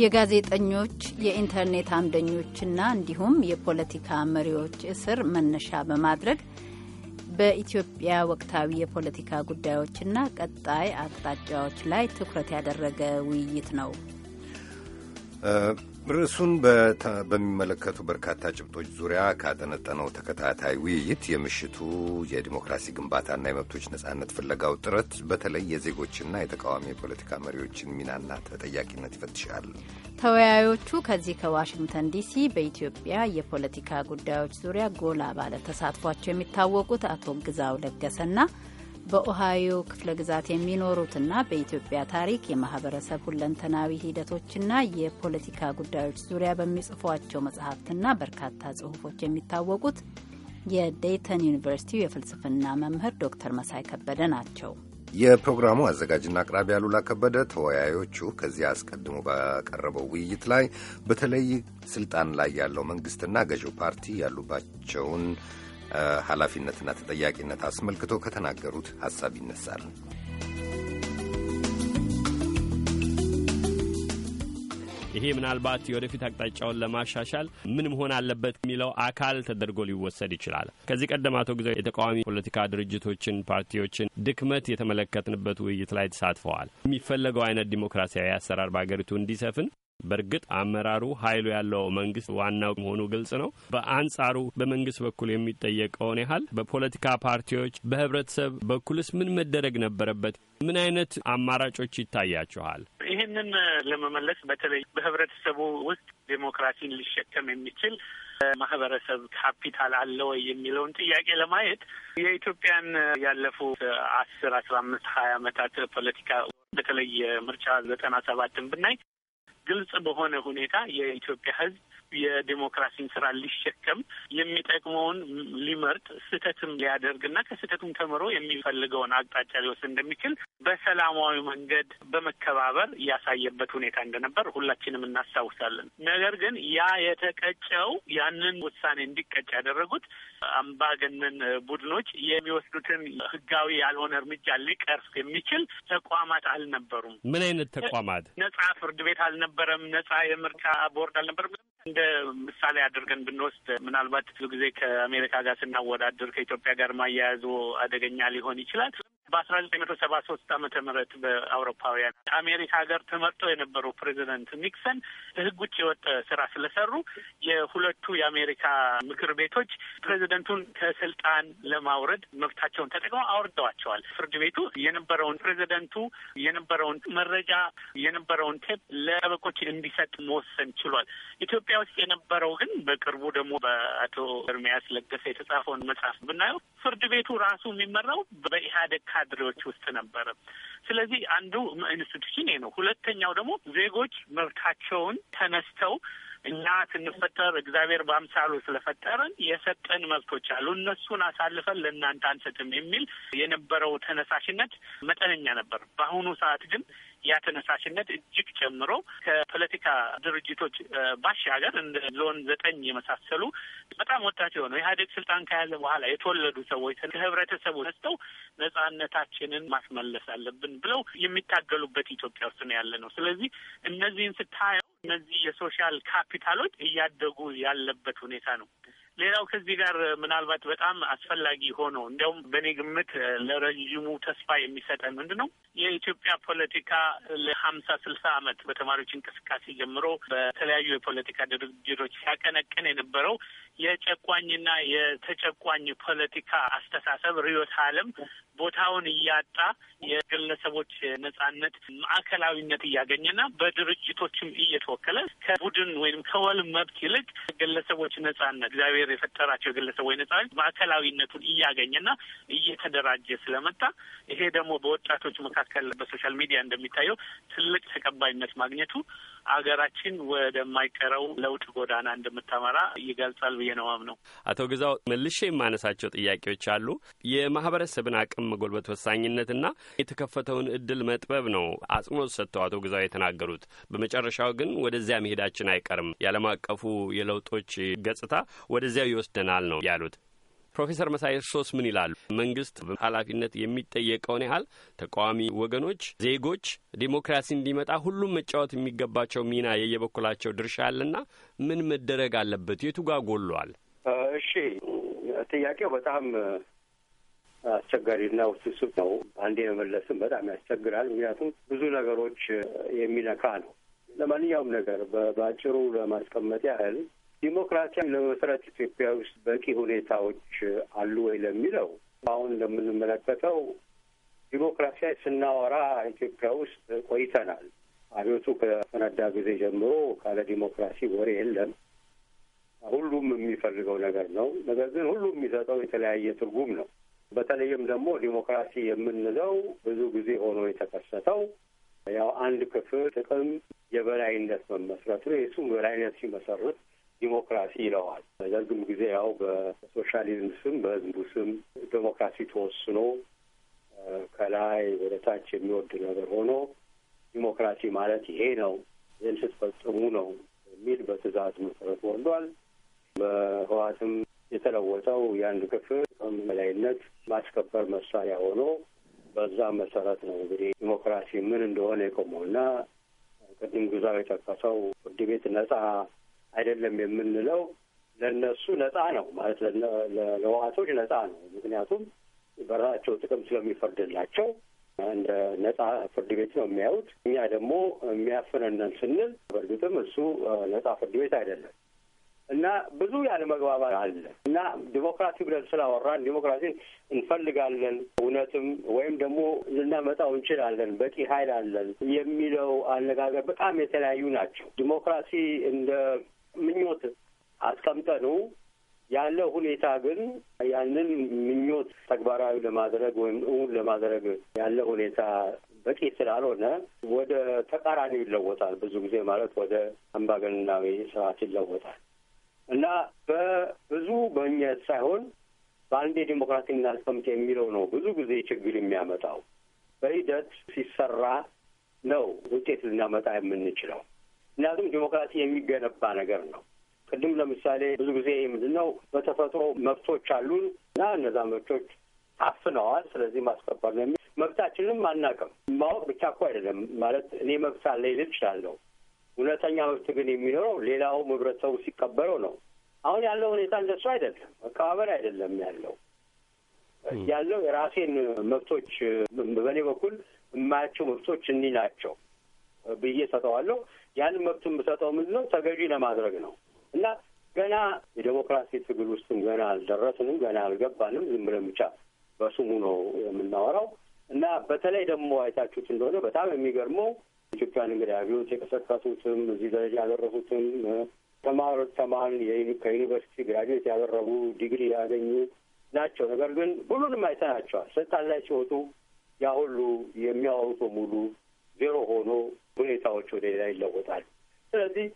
የጋዜጠኞች የኢንተርኔት አምደኞችና እንዲሁም የፖለቲካ መሪዎች እስር መነሻ በማድረግ በኢትዮጵያ ወቅታዊ የፖለቲካ ጉዳዮችና ቀጣይ አቅጣጫዎች ላይ ትኩረት ያደረገ ውይይት ነው። ርዕሱን በሚመለከቱ በርካታ ጭብጦች ዙሪያ ካጠነጠነው ተከታታይ ውይይት የምሽቱ የዲሞክራሲ ግንባታና የመብቶች ነጻነት ፍለጋው ጥረት በተለይ የዜጎችና የተቃዋሚ የፖለቲካ መሪዎችን ሚናና ተጠያቂነት ይፈትሻል። ተወያዮቹ ከዚህ ከዋሽንግተን ዲሲ በኢትዮጵያ የፖለቲካ ጉዳዮች ዙሪያ ጎላ ባለ ተሳትፏቸው የሚታወቁት አቶ ግዛው ለገሰና በኦሃዮ ክፍለ ግዛት የሚኖሩትና በኢትዮጵያ ታሪክ የማህበረሰብ ሁለንተናዊ ሂደቶችና የፖለቲካ ጉዳዮች ዙሪያ በሚጽፏቸው መጽሐፍትና በርካታ ጽሁፎች የሚታወቁት የዴይተን ዩኒቨርሲቲው የፍልስፍና መምህር ዶክተር መሳይ ከበደ ናቸው። የፕሮግራሙ አዘጋጅና አቅራቢ አሉላ ከበደ ተወያዮቹ ከዚያ አስቀድሞ ባቀረበው ውይይት ላይ በተለይ ስልጣን ላይ ያለው መንግስትና ገዢው ፓርቲ ያሉባቸውን ኃላፊነትና ተጠያቂነት አስመልክቶ ከተናገሩት ሀሳብ ይነሳል። ይሄ ምናልባት የወደፊት አቅጣጫውን ለማሻሻል ምን መሆን አለበት የሚለው አካል ተደርጎ ሊወሰድ ይችላል። ከዚህ ቀደም አቶ ጊዜ የተቃዋሚ ፖለቲካ ድርጅቶችን፣ ፓርቲዎችን ድክመት የተመለከትንበት ውይይት ላይ ተሳትፈዋል። የሚፈለገው አይነት ዲሞክራሲያዊ አሰራር በሀገሪቱ እንዲሰፍን በእርግጥ አመራሩ ኃይሉ ያለው መንግስት ዋናው መሆኑ ግልጽ ነው። በአንጻሩ በመንግስት በኩል የሚጠየቀውን ያህል በፖለቲካ ፓርቲዎች፣ በህብረተሰብ በኩልስ ምን መደረግ ነበረበት? ምን አይነት አማራጮች ይታያችኋል? ይህንን ለመመለስ በተለይ በህብረተሰቡ ውስጥ ዴሞክራሲን ሊሸከም የሚችል ማህበረሰብ ካፒታል አለ ወይ የሚለውን ጥያቄ ለማየት የኢትዮጵያን ያለፉ አስር አስራ አምስት ሀያ ዓመታት ፖለቲካ በተለይ ምርጫ ዘጠና ሰባትን ብናይ ግልጽ በሆነ ሁኔታ የኢትዮጵያ ሕዝብ የዴሞክራሲን ስራ ሊሸከም የሚጠቅመውን ሊመርጥ ስህተትም ሊያደርግና ከስህተቱም ተምሮ የሚፈልገውን አቅጣጫ ሊወስድ እንደሚችል በሰላማዊ መንገድ በመከባበር ያሳየበት ሁኔታ እንደነበር ሁላችንም እናስታውሳለን። ነገር ግን ያ የተቀጨው ያንን ውሳኔ እንዲቀጭ ያደረጉት አምባገነን ቡድኖች የሚወስዱትን ህጋዊ ያልሆነ እርምጃ ሊቀርፍ የሚችል ተቋማት አልነበሩም። ምን አይነት ተቋማት? ነጻ ፍርድ ቤት አልነበረም። ነጻ የምርጫ ቦርድ አልነበረም። እንደ ምሳሌ አድርገን ብንወስድ ምናልባት ብዙ ጊዜ ከአሜሪካ ጋር ስናወዳድር ከኢትዮጵያ ጋር ማያያዙ አደገኛ ሊሆን ይችላል። በአስራ ዘጠኝ መቶ ሰባ ሶስት ዓመተ ምህረት በአውሮፓውያን አሜሪካ ሀገር ተመርጦ የነበሩ ፕሬዚደንት ኒክሰን ከህግ ውጭ የወጠ ስራ ስለሰሩ የሁለቱ የአሜሪካ ምክር ቤቶች ፕሬዚደንቱን ከስልጣን ለማውረድ መብታቸውን ተጠቅመው አውርደዋቸዋል። ፍርድ ቤቱ የነበረውን ፕሬዚደንቱ የነበረውን መረጃ የነበረውን ቴፕ ለጠበቆች እንዲሰጥ መወሰን ችሏል። ኢትዮጵያ ውስጥ የነበረው ግን በቅርቡ ደግሞ በአቶ እርሚያስ ለገሰ የተጻፈውን መጽሐፍ ብናየው ፍርድ ቤቱ ራሱ የሚመራው በኢህአዴግ ካድሬዎች ውስጥ ነበረ። ስለዚህ አንዱ ኢንስቲቱሽን ይሄ ነው። ሁለተኛው ደግሞ ዜጎች መብታቸውን ተነስተው እኛ ስንፈጠር እግዚአብሔር በአምሳሉ ስለፈጠረን የሰጠን መብቶች አሉ፣ እነሱን አሳልፈን ለእናንተ አንሰጥም የሚል የነበረው ተነሳሽነት መጠነኛ ነበር። በአሁኑ ሰዓት ግን ያ ተነሳሽነት እጅግ ጨምሮ ከፖለቲካ ድርጅቶች ባሻገር እንደ ዞን ዘጠኝ የመሳሰሉ በጣም ወጣት የሆነ ኢህአዴግ ስልጣን ከያዘ በኋላ የተወለዱ ሰዎች ከህብረተሰቡ ነስተው ነጻነታችንን ማስመለስ አለብን ብለው የሚታገሉበት ኢትዮጵያ ውስጥ ነው ያለ ነው። ስለዚህ እነዚህን ስታየው እነዚህ የሶሻል ካፒታሎች እያደጉ ያለበት ሁኔታ ነው። ሌላው ከዚህ ጋር ምናልባት በጣም አስፈላጊ ሆኖ እንዲያውም በእኔ ግምት ለረዥሙ ተስፋ የሚሰጠን ምንድን ነው የኢትዮጵያ ፖለቲካ ለሀምሳ ስልሳ ዓመት በተማሪዎች እንቅስቃሴ ጀምሮ በተለያዩ የፖለቲካ ድርጅቶች ሲያቀነቅን የነበረው የጨቋኝና የተጨቋኝ ፖለቲካ አስተሳሰብ ርዕዮተ ዓለም ቦታውን እያጣ የግለሰቦች ነጻነት ማዕከላዊነት እያገኘና በድርጅቶችም እየተወከለ ከቡድን ወይም ከወል መብት ይልቅ ግለሰቦች ነጻነት እግዚአብሔር እግዚአብሔር የፈጠራቸው ወይ ነጻዎች ማዕከላዊነቱን እያገኘና እየተደራጀ ስለመጣ ይሄ ደግሞ በወጣቶች መካከል በሶሻል ሚዲያ እንደሚታየው ትልቅ ተቀባይነት ማግኘቱ አገራችን ወደማይቀረው ለውጥ ጎዳና እንደምታመራ ይገልጻል ብዬ ነው አምነው። አቶ ግዛው መልሼ የማነሳቸው ጥያቄዎች አሉ። የማህበረሰብን አቅም መጎልበት ወሳኝነትና የተከፈተውን እድል መጥበብ ነው አጽንኦት ሰጥተው አቶ ግዛው የተናገሩት። በመጨረሻው ግን ወደዚያ መሄዳችን አይቀርም፣ ያለም አቀፉ የለውጦች ገጽታ ወደዚያው ይወስደናል ነው ያሉት። ፕሮፌሰር መሳይ ሶስ ምን ይላሉ? መንግስት ኃላፊነት የሚጠየቀውን ያህል ተቃዋሚ ወገኖች፣ ዜጎች ዴሞክራሲ እንዲመጣ ሁሉም መጫወት የሚገባቸው ሚና የየበኩላቸው ድርሻ አለና ምን መደረግ አለበት? የቱ ጋ ጎሏል? እሺ፣ ጥያቄው በጣም አስቸጋሪና ውስብስብ ነው። አንዴ መመለስም በጣም ያስቸግራል። ምክንያቱም ብዙ ነገሮች የሚነካ ነው። ለማንኛውም ነገር በአጭሩ ለማስቀመጥ ያህል ዲሞክራሲ ለመመስረት ኢትዮጵያ ውስጥ በቂ ሁኔታዎች አሉ ወይ ለሚለው አሁን እንደምንመለከተው ዲሞክራሲ ስናወራ ኢትዮጵያ ውስጥ ቆይተናል። አብዮቱ ከፈነዳ ጊዜ ጀምሮ ካለ ዲሞክራሲ ወሬ የለም። ሁሉም የሚፈልገው ነገር ነው። ነገር ግን ሁሉም የሚሰጠው የተለያየ ትርጉም ነው። በተለይም ደግሞ ዲሞክራሲ የምንለው ብዙ ጊዜ ሆኖ የተከሰተው ያው አንድ ክፍል ጥቅም የበላይነት መመስረት ነው። የእሱም በላይነት ሲመሰርት ዲሞክራሲ ይለዋል። ረጅም ጊዜ ያው በሶሻሊዝም ስም በህዝቡ ስም ዲሞክራሲ ተወስኖ ከላይ ወደ ታች የሚወድ ነገር ሆኖ ዲሞክራሲ ማለት ይሄ ነው፣ ይህን ስትፈጽሙ ነው የሚል በትዕዛዝ መሰረት ወርዷል። በህዋትም የተለወጠው የአንድ ክፍል በላይነት ማስከበር መሳሪያ ሆኖ በዛ መሰረት ነው እንግዲህ ዲሞክራሲ ምን እንደሆነ የቆመው እና ቅድም ግዛው የጠቀሰው ፍርድ ቤት ነጻ አይደለም የምንለው ለእነሱ ነጻ ነው ማለት ለህወሓቶች ነጻ ነው። ምክንያቱም በራሳቸው ጥቅም ስለሚፈርድላቸው እንደ ነጻ ፍርድ ቤት ነው የሚያዩት። እኛ ደግሞ የሚያፍነነን ስንል በእርግጥም እሱ ነጻ ፍርድ ቤት አይደለም እና ብዙ ያለመግባባት አለ እና ዲሞክራሲ ብለን ስላወራን ዲሞክራሲን እንፈልጋለን እውነትም ወይም ደግሞ ልናመጣው እንችላለን በቂ ኃይል አለን የሚለው አነጋገር በጣም የተለያዩ ናቸው። ዲሞክራሲ እንደ ምኞት አስቀምጠነው ያለ ሁኔታ ግን ያንን ምኞት ተግባራዊ ለማድረግ ወይም እውን ለማድረግ ያለ ሁኔታ በቂ ስላልሆነ ወደ ተቃራኒው ይለወጣል። ብዙ ጊዜ ማለት ወደ አምባገነናዊ ስርዓት ይለወጣል እና በብዙ መኘት ሳይሆን በአንድ የዲሞክራሲ እናስቀምጥ የሚለው ነው ብዙ ጊዜ ችግር የሚያመጣው። በሂደት ሲሰራ ነው ውጤት ልናመጣ የምንችለው። ምክንያቱም ዲሞክራሲ የሚገነባ ነገር ነው። ቅድም ለምሳሌ ብዙ ጊዜ ምንድን ነው በተፈጥሮ መብቶች አሉን እና እነዛ መብቶች ታፍነዋል፣ ስለዚህ ማስከበር ነው የሚል መብታችንም አናውቅም። ማወቅ ብቻ እኮ አይደለም ማለት እኔ መብት አለኝ ልል እችላለሁ። እውነተኛ መብት ግን የሚኖረው ሌላው ህብረተሰቡ ሲቀበለው ነው። አሁን ያለው ሁኔታ እንደሱ አይደለም፣ መቀባበል አይደለም ያለው ያለው የራሴን መብቶች በእኔ በኩል የማያቸው መብቶች እኒህ ናቸው ብዬ ሰጠዋለሁ። ያንን መብቱን የምሰጠው ምንድን ነው? ተገዢ ለማድረግ ነው እና ገና የዴሞክራሲ ትግል ውስጥም ገና አልደረስንም፣ ገና አልገባንም። ዝም ብለን ብቻ በስሙ ነው የምናወራው እና በተለይ ደግሞ አይታችሁት እንደሆነ በጣም የሚገርመው ኢትዮጵያን እንግዲህ አብዮት የቀሰቀሱትም እዚህ ደረጃ ያደረሱትም ተማር ተማሪ ከዩኒቨርሲቲ ግራጁዌት ያደረጉ ዲግሪ ያገኙ ናቸው። ነገር ግን ሁሉንም አይተናቸዋል። ስልጣን ላይ ሲወጡ ያ ሁሉ የሚያወሩት በሙሉ ዜሮ ሆኖ ሁኔታዎች ወደ ሌላ ይለወጣሉ። ስለዚህ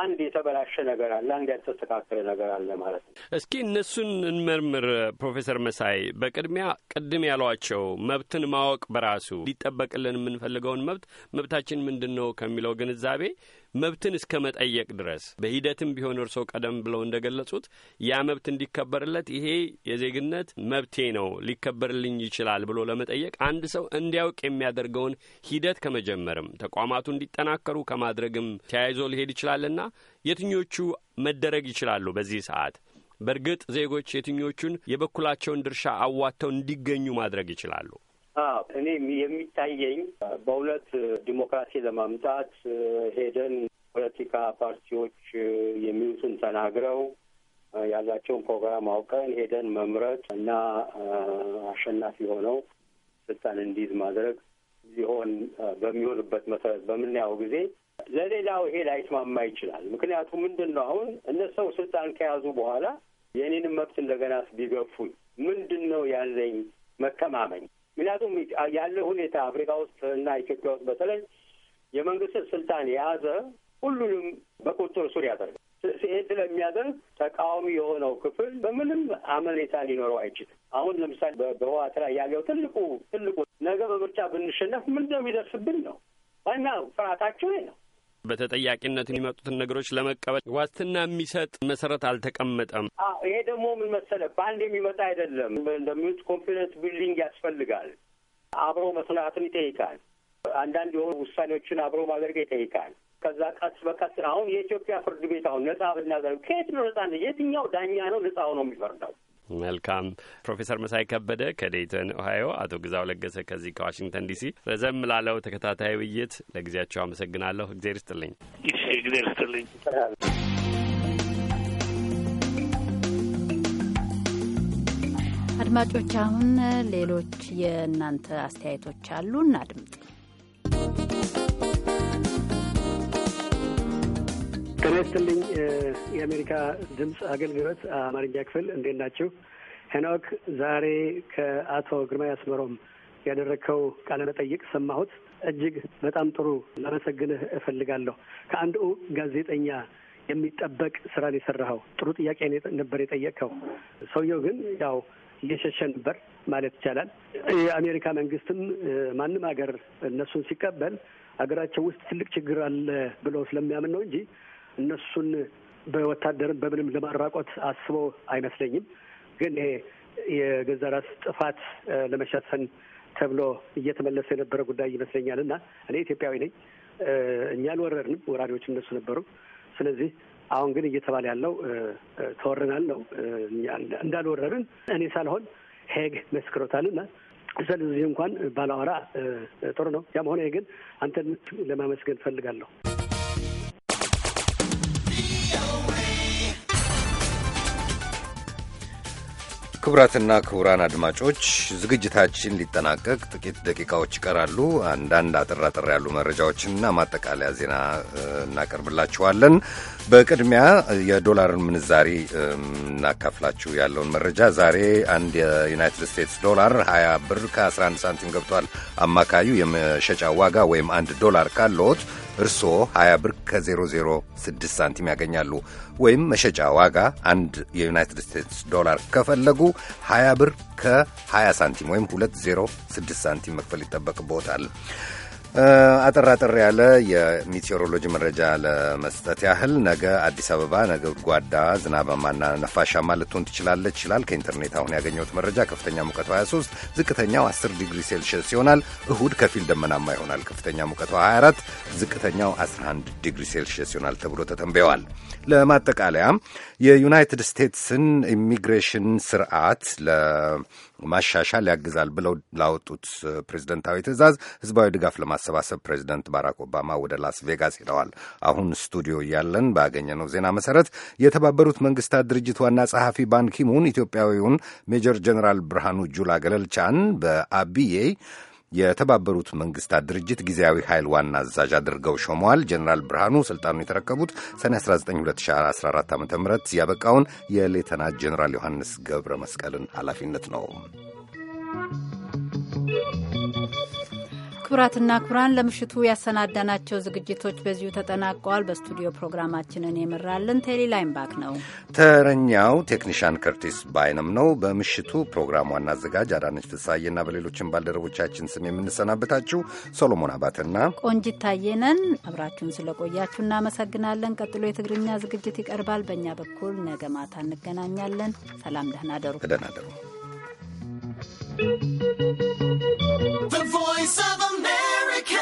አንድ የተበላሸ ነገር አለ፣ አንድ ያልተስተካከለ ነገር አለ ማለት ነው። እስኪ እነሱን እንመርምር። ፕሮፌሰር መሳይ በቅድሚያ ቅድም ያሏቸው መብትን ማወቅ በራሱ ሊጠበቅልን የምንፈልገውን መብት መብታችን ምንድን ነው ከሚለው ግንዛቤ መብትን እስከ መጠየቅ ድረስ በሂደትም ቢሆን እርስዎ ቀደም ብለው እንደ ገለጹት ያ መብት እንዲከበርለት ይሄ የዜግነት መብቴ ነው ሊከበርልኝ ይችላል ብሎ ለመጠየቅ አንድ ሰው እንዲያውቅ የሚያደርገውን ሂደት ከመጀመርም ተቋማቱ እንዲጠናከሩ ከማድረግም ተያይዞ ሊሄድ ይችላልና የትኞቹ መደረግ ይችላሉ በዚህ ሰዓት? በእርግጥ ዜጎች የትኞቹን የበኩላቸውን ድርሻ አዋጥተው እንዲገኙ ማድረግ ይችላሉ? አዎ እኔ የሚታየኝ በእውነት ዲሞክራሲ ለማምጣት ሄደን ፖለቲካ ፓርቲዎች የሚሉትን ተናግረው ያላቸውን ፕሮግራም አውቀን ሄደን መምረጥ እና አሸናፊ ሆነው ስልጣን እንዲይዝ ማድረግ ሊሆን በሚሆንበት መሰረት በምናየው ጊዜ ለሌላው ይሄ ላይስማማ ይችላል። ምክንያቱም ምንድን ነው አሁን እነሰው ስልጣን ከያዙ በኋላ የእኔንም መብት እንደገና ቢገፉኝ ምንድን ነው ያለኝ መተማመኝ? ምክንያቱም ያለ ሁኔታ አፍሪካ ውስጥ እና ኢትዮጵያ ውስጥ በተለይ የመንግስት ስልጣን የያዘ ሁሉንም በቁጥር ስር ያደርጋል። ይህን ስለሚያደርግ ተቃዋሚ የሆነው ክፍል በምንም አመኔታ ሊኖረው አይችልም። አሁን ለምሳሌ በህወሓት ላይ ያለው ትልቁ ትልቁ ነገ በምርጫ ብንሸነፍ ምን የሚደርስብን ነው ዋና ፍርሃታቸው ነው። በተጠያቂነት የሚመጡትን ነገሮች ለመቀበል ዋስትና የሚሰጥ መሰረት አልተቀመጠም። ይሄ ደግሞ ምን መሰለህ፣ በአንድ የሚመጣ አይደለም። እንደሚሉት ኮንፊደንስ ቢልዲንግ ያስፈልጋል። አብሮ መስራትን ይጠይቃል። አንዳንድ የሆኑ ውሳኔዎችን አብሮ ማድረግ ይጠይቃል። ከዛ ቀስ በቀስ አሁን የኢትዮጵያ ፍርድ ቤት አሁን ነጻ ብናዘ ከየት ነው ነጻ? የትኛው ዳኛ ነው ነጻ ሆኖ የሚፈርደው? መልካም ፕሮፌሰር መሳይ ከበደ ከዴይተን ኦሃዮ፣ አቶ ግዛው ለገሰ ከዚህ ከዋሽንግተን ዲሲ ረዘም ላለው ተከታታይ ውይይት ለጊዜያቸው አመሰግናለሁ። እግዜር ስጥልኝ። እግዜር ይስጥልኝ። አድማጮች አሁን ሌሎች የእናንተ አስተያየቶች አሉ እናድምጥ። ጤና ይስጥልኝ። የአሜሪካ ድምፅ አገልግሎት አማርኛ ክፍል እንዴት ናችሁ? ሄኖክ፣ ዛሬ ከአቶ ግርማይ አስመሮም ያደረግከው ቃለ መጠይቅ ሰማሁት። እጅግ በጣም ጥሩ ላመሰግንህ እፈልጋለሁ። ከአንድ ጋዜጠኛ የሚጠበቅ ስራን የሰራኸው ጥሩ ጥያቄ ነበር የጠየቅከው። ሰውየው ግን ያው እየሸሸ ነበር ማለት ይቻላል። የአሜሪካ መንግስትም ማንም ሀገር እነሱን ሲቀበል ሀገራቸው ውስጥ ትልቅ ችግር አለ ብሎ ስለሚያምን ነው እንጂ እነሱን በወታደርም በምንም ለማራቆት አስበው አይመስለኝም። ግን ይሄ የገዛ ራስ ጥፋት ለመሸፈን ተብሎ እየተመለሰ የነበረ ጉዳይ ይመስለኛል እና እኔ ኢትዮጵያዊ ነኝ። እኛ አልወረርንም፣ ወራሪዎች እነሱ ነበሩ። ስለዚህ አሁን ግን እየተባለ ያለው ተወረናል ነው። እንዳልወረርን እኔ ሳልሆን ሄግ መስክሮታል እና ስለዚህ እንኳን ባላወራ ጥሩ ነው። ያም ሆነ ግን አንተን ለማመስገን ፈልጋለሁ። ክቡራትና ክቡራን አድማጮች ዝግጅታችን ሊጠናቀቅ ጥቂት ደቂቃዎች ይቀራሉ። አንዳንድ አጠር አጠር ያሉ መረጃዎችንና ማጠቃለያ ዜና እናቀርብላችኋለን። በቅድሚያ የዶላርን ምንዛሪ እናካፍላችሁ ያለውን መረጃ ዛሬ አንድ የዩናይትድ ስቴትስ ዶላር 20 ብር ከ11 ሳንቲም ገብቷል። አማካዩ የመሸጫ ዋጋ ወይም አንድ ዶላር ካለዎት እርስዎ 20 ብር ከ006 ሳንቲም ያገኛሉ። ወይም መሸጫ ዋጋ አንድ የዩናይትድ ስቴትስ ዶላር ከፈለጉ 20 ብር ከ20 ሳንቲም ወይም 206 ሳንቲም መክፈል ይጠበቅብዎታል። አጠራ አጠር ያለ የሚቴዎሮሎጂ መረጃ ለመስጠት ያህል ነገ አዲስ አበባ ጓዳ ዝናባማና ነፋሻማ ልትሆን ትችላለች ይችላል። ከኢንተርኔት አሁን ያገኘሁት መረጃ። ከፍተኛ ሙቀቱ 23፣ ዝቅተኛው 10 ዲግሪ ሴልሽየስ ይሆናል። እሁድ ከፊል ደመናማ ይሆናል። ከፍተኛ ሙቀቱ 24፣ ዝቅተኛው 11 ዲግሪ ሴልሽየስ ይሆናል ተብሎ ተተንብየዋል። ለማጠቃለያ የዩናይትድ ስቴትስን ኢሚግሬሽን ስርዓት ማሻሻል ያግዛል ብለው ላወጡት ፕሬዝደንታዊ ትዕዛዝ ህዝባዊ ድጋፍ ለማሰባሰብ ፕሬዝደንት ባራክ ኦባማ ወደ ላስ ቬጋስ ሄደዋል። አሁን ስቱዲዮ እያለን ባገኘነው ዜና መሰረት የተባበሩት መንግስታት ድርጅት ዋና ጸሐፊ ባንኪሙን ኢትዮጵያዊውን ሜጀር ጀኔራል ብርሃኑ ጁላ ገለልቻን በአብዬ የተባበሩት መንግስታት ድርጅት ጊዜያዊ ኃይል ዋና አዛዥ አድርገው ሾመዋል። ጀኔራል ብርሃኑ ስልጣኑን የተረከቡት ሰኔ 19 2014 ዓ ም ያበቃውን የሌተና ጀኔራል ዮሐንስ ገብረ መስቀልን ኃላፊነት ነው። ክቡራትና ክቡራን ለምሽቱ ያሰናዳናቸው ዝግጅቶች በዚሁ ተጠናቀዋል። በስቱዲዮ ፕሮግራማችንን የመራልን ቴሌ ላይምባክ ነው። ተረኛው ቴክኒሻን ከርቲስ ባይነም ነው። በምሽቱ ፕሮግራም ዋና አዘጋጅ አዳነች ፍሳዬና በሌሎችም ባልደረቦቻችን ስም የምንሰናበታችሁ ሶሎሞን አባትና ቆንጂት ታየ አብራችሁን ስለቆያችሁ እናመሰግናለን። ቀጥሎ የትግርኛ ዝግጅት ይቀርባል። በእኛ በኩል ነገ ማታ እንገናኛለን። ሰላም፣ ደህና ደሩ። ደህና ደሩ። Voice of America.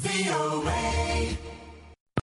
VOA.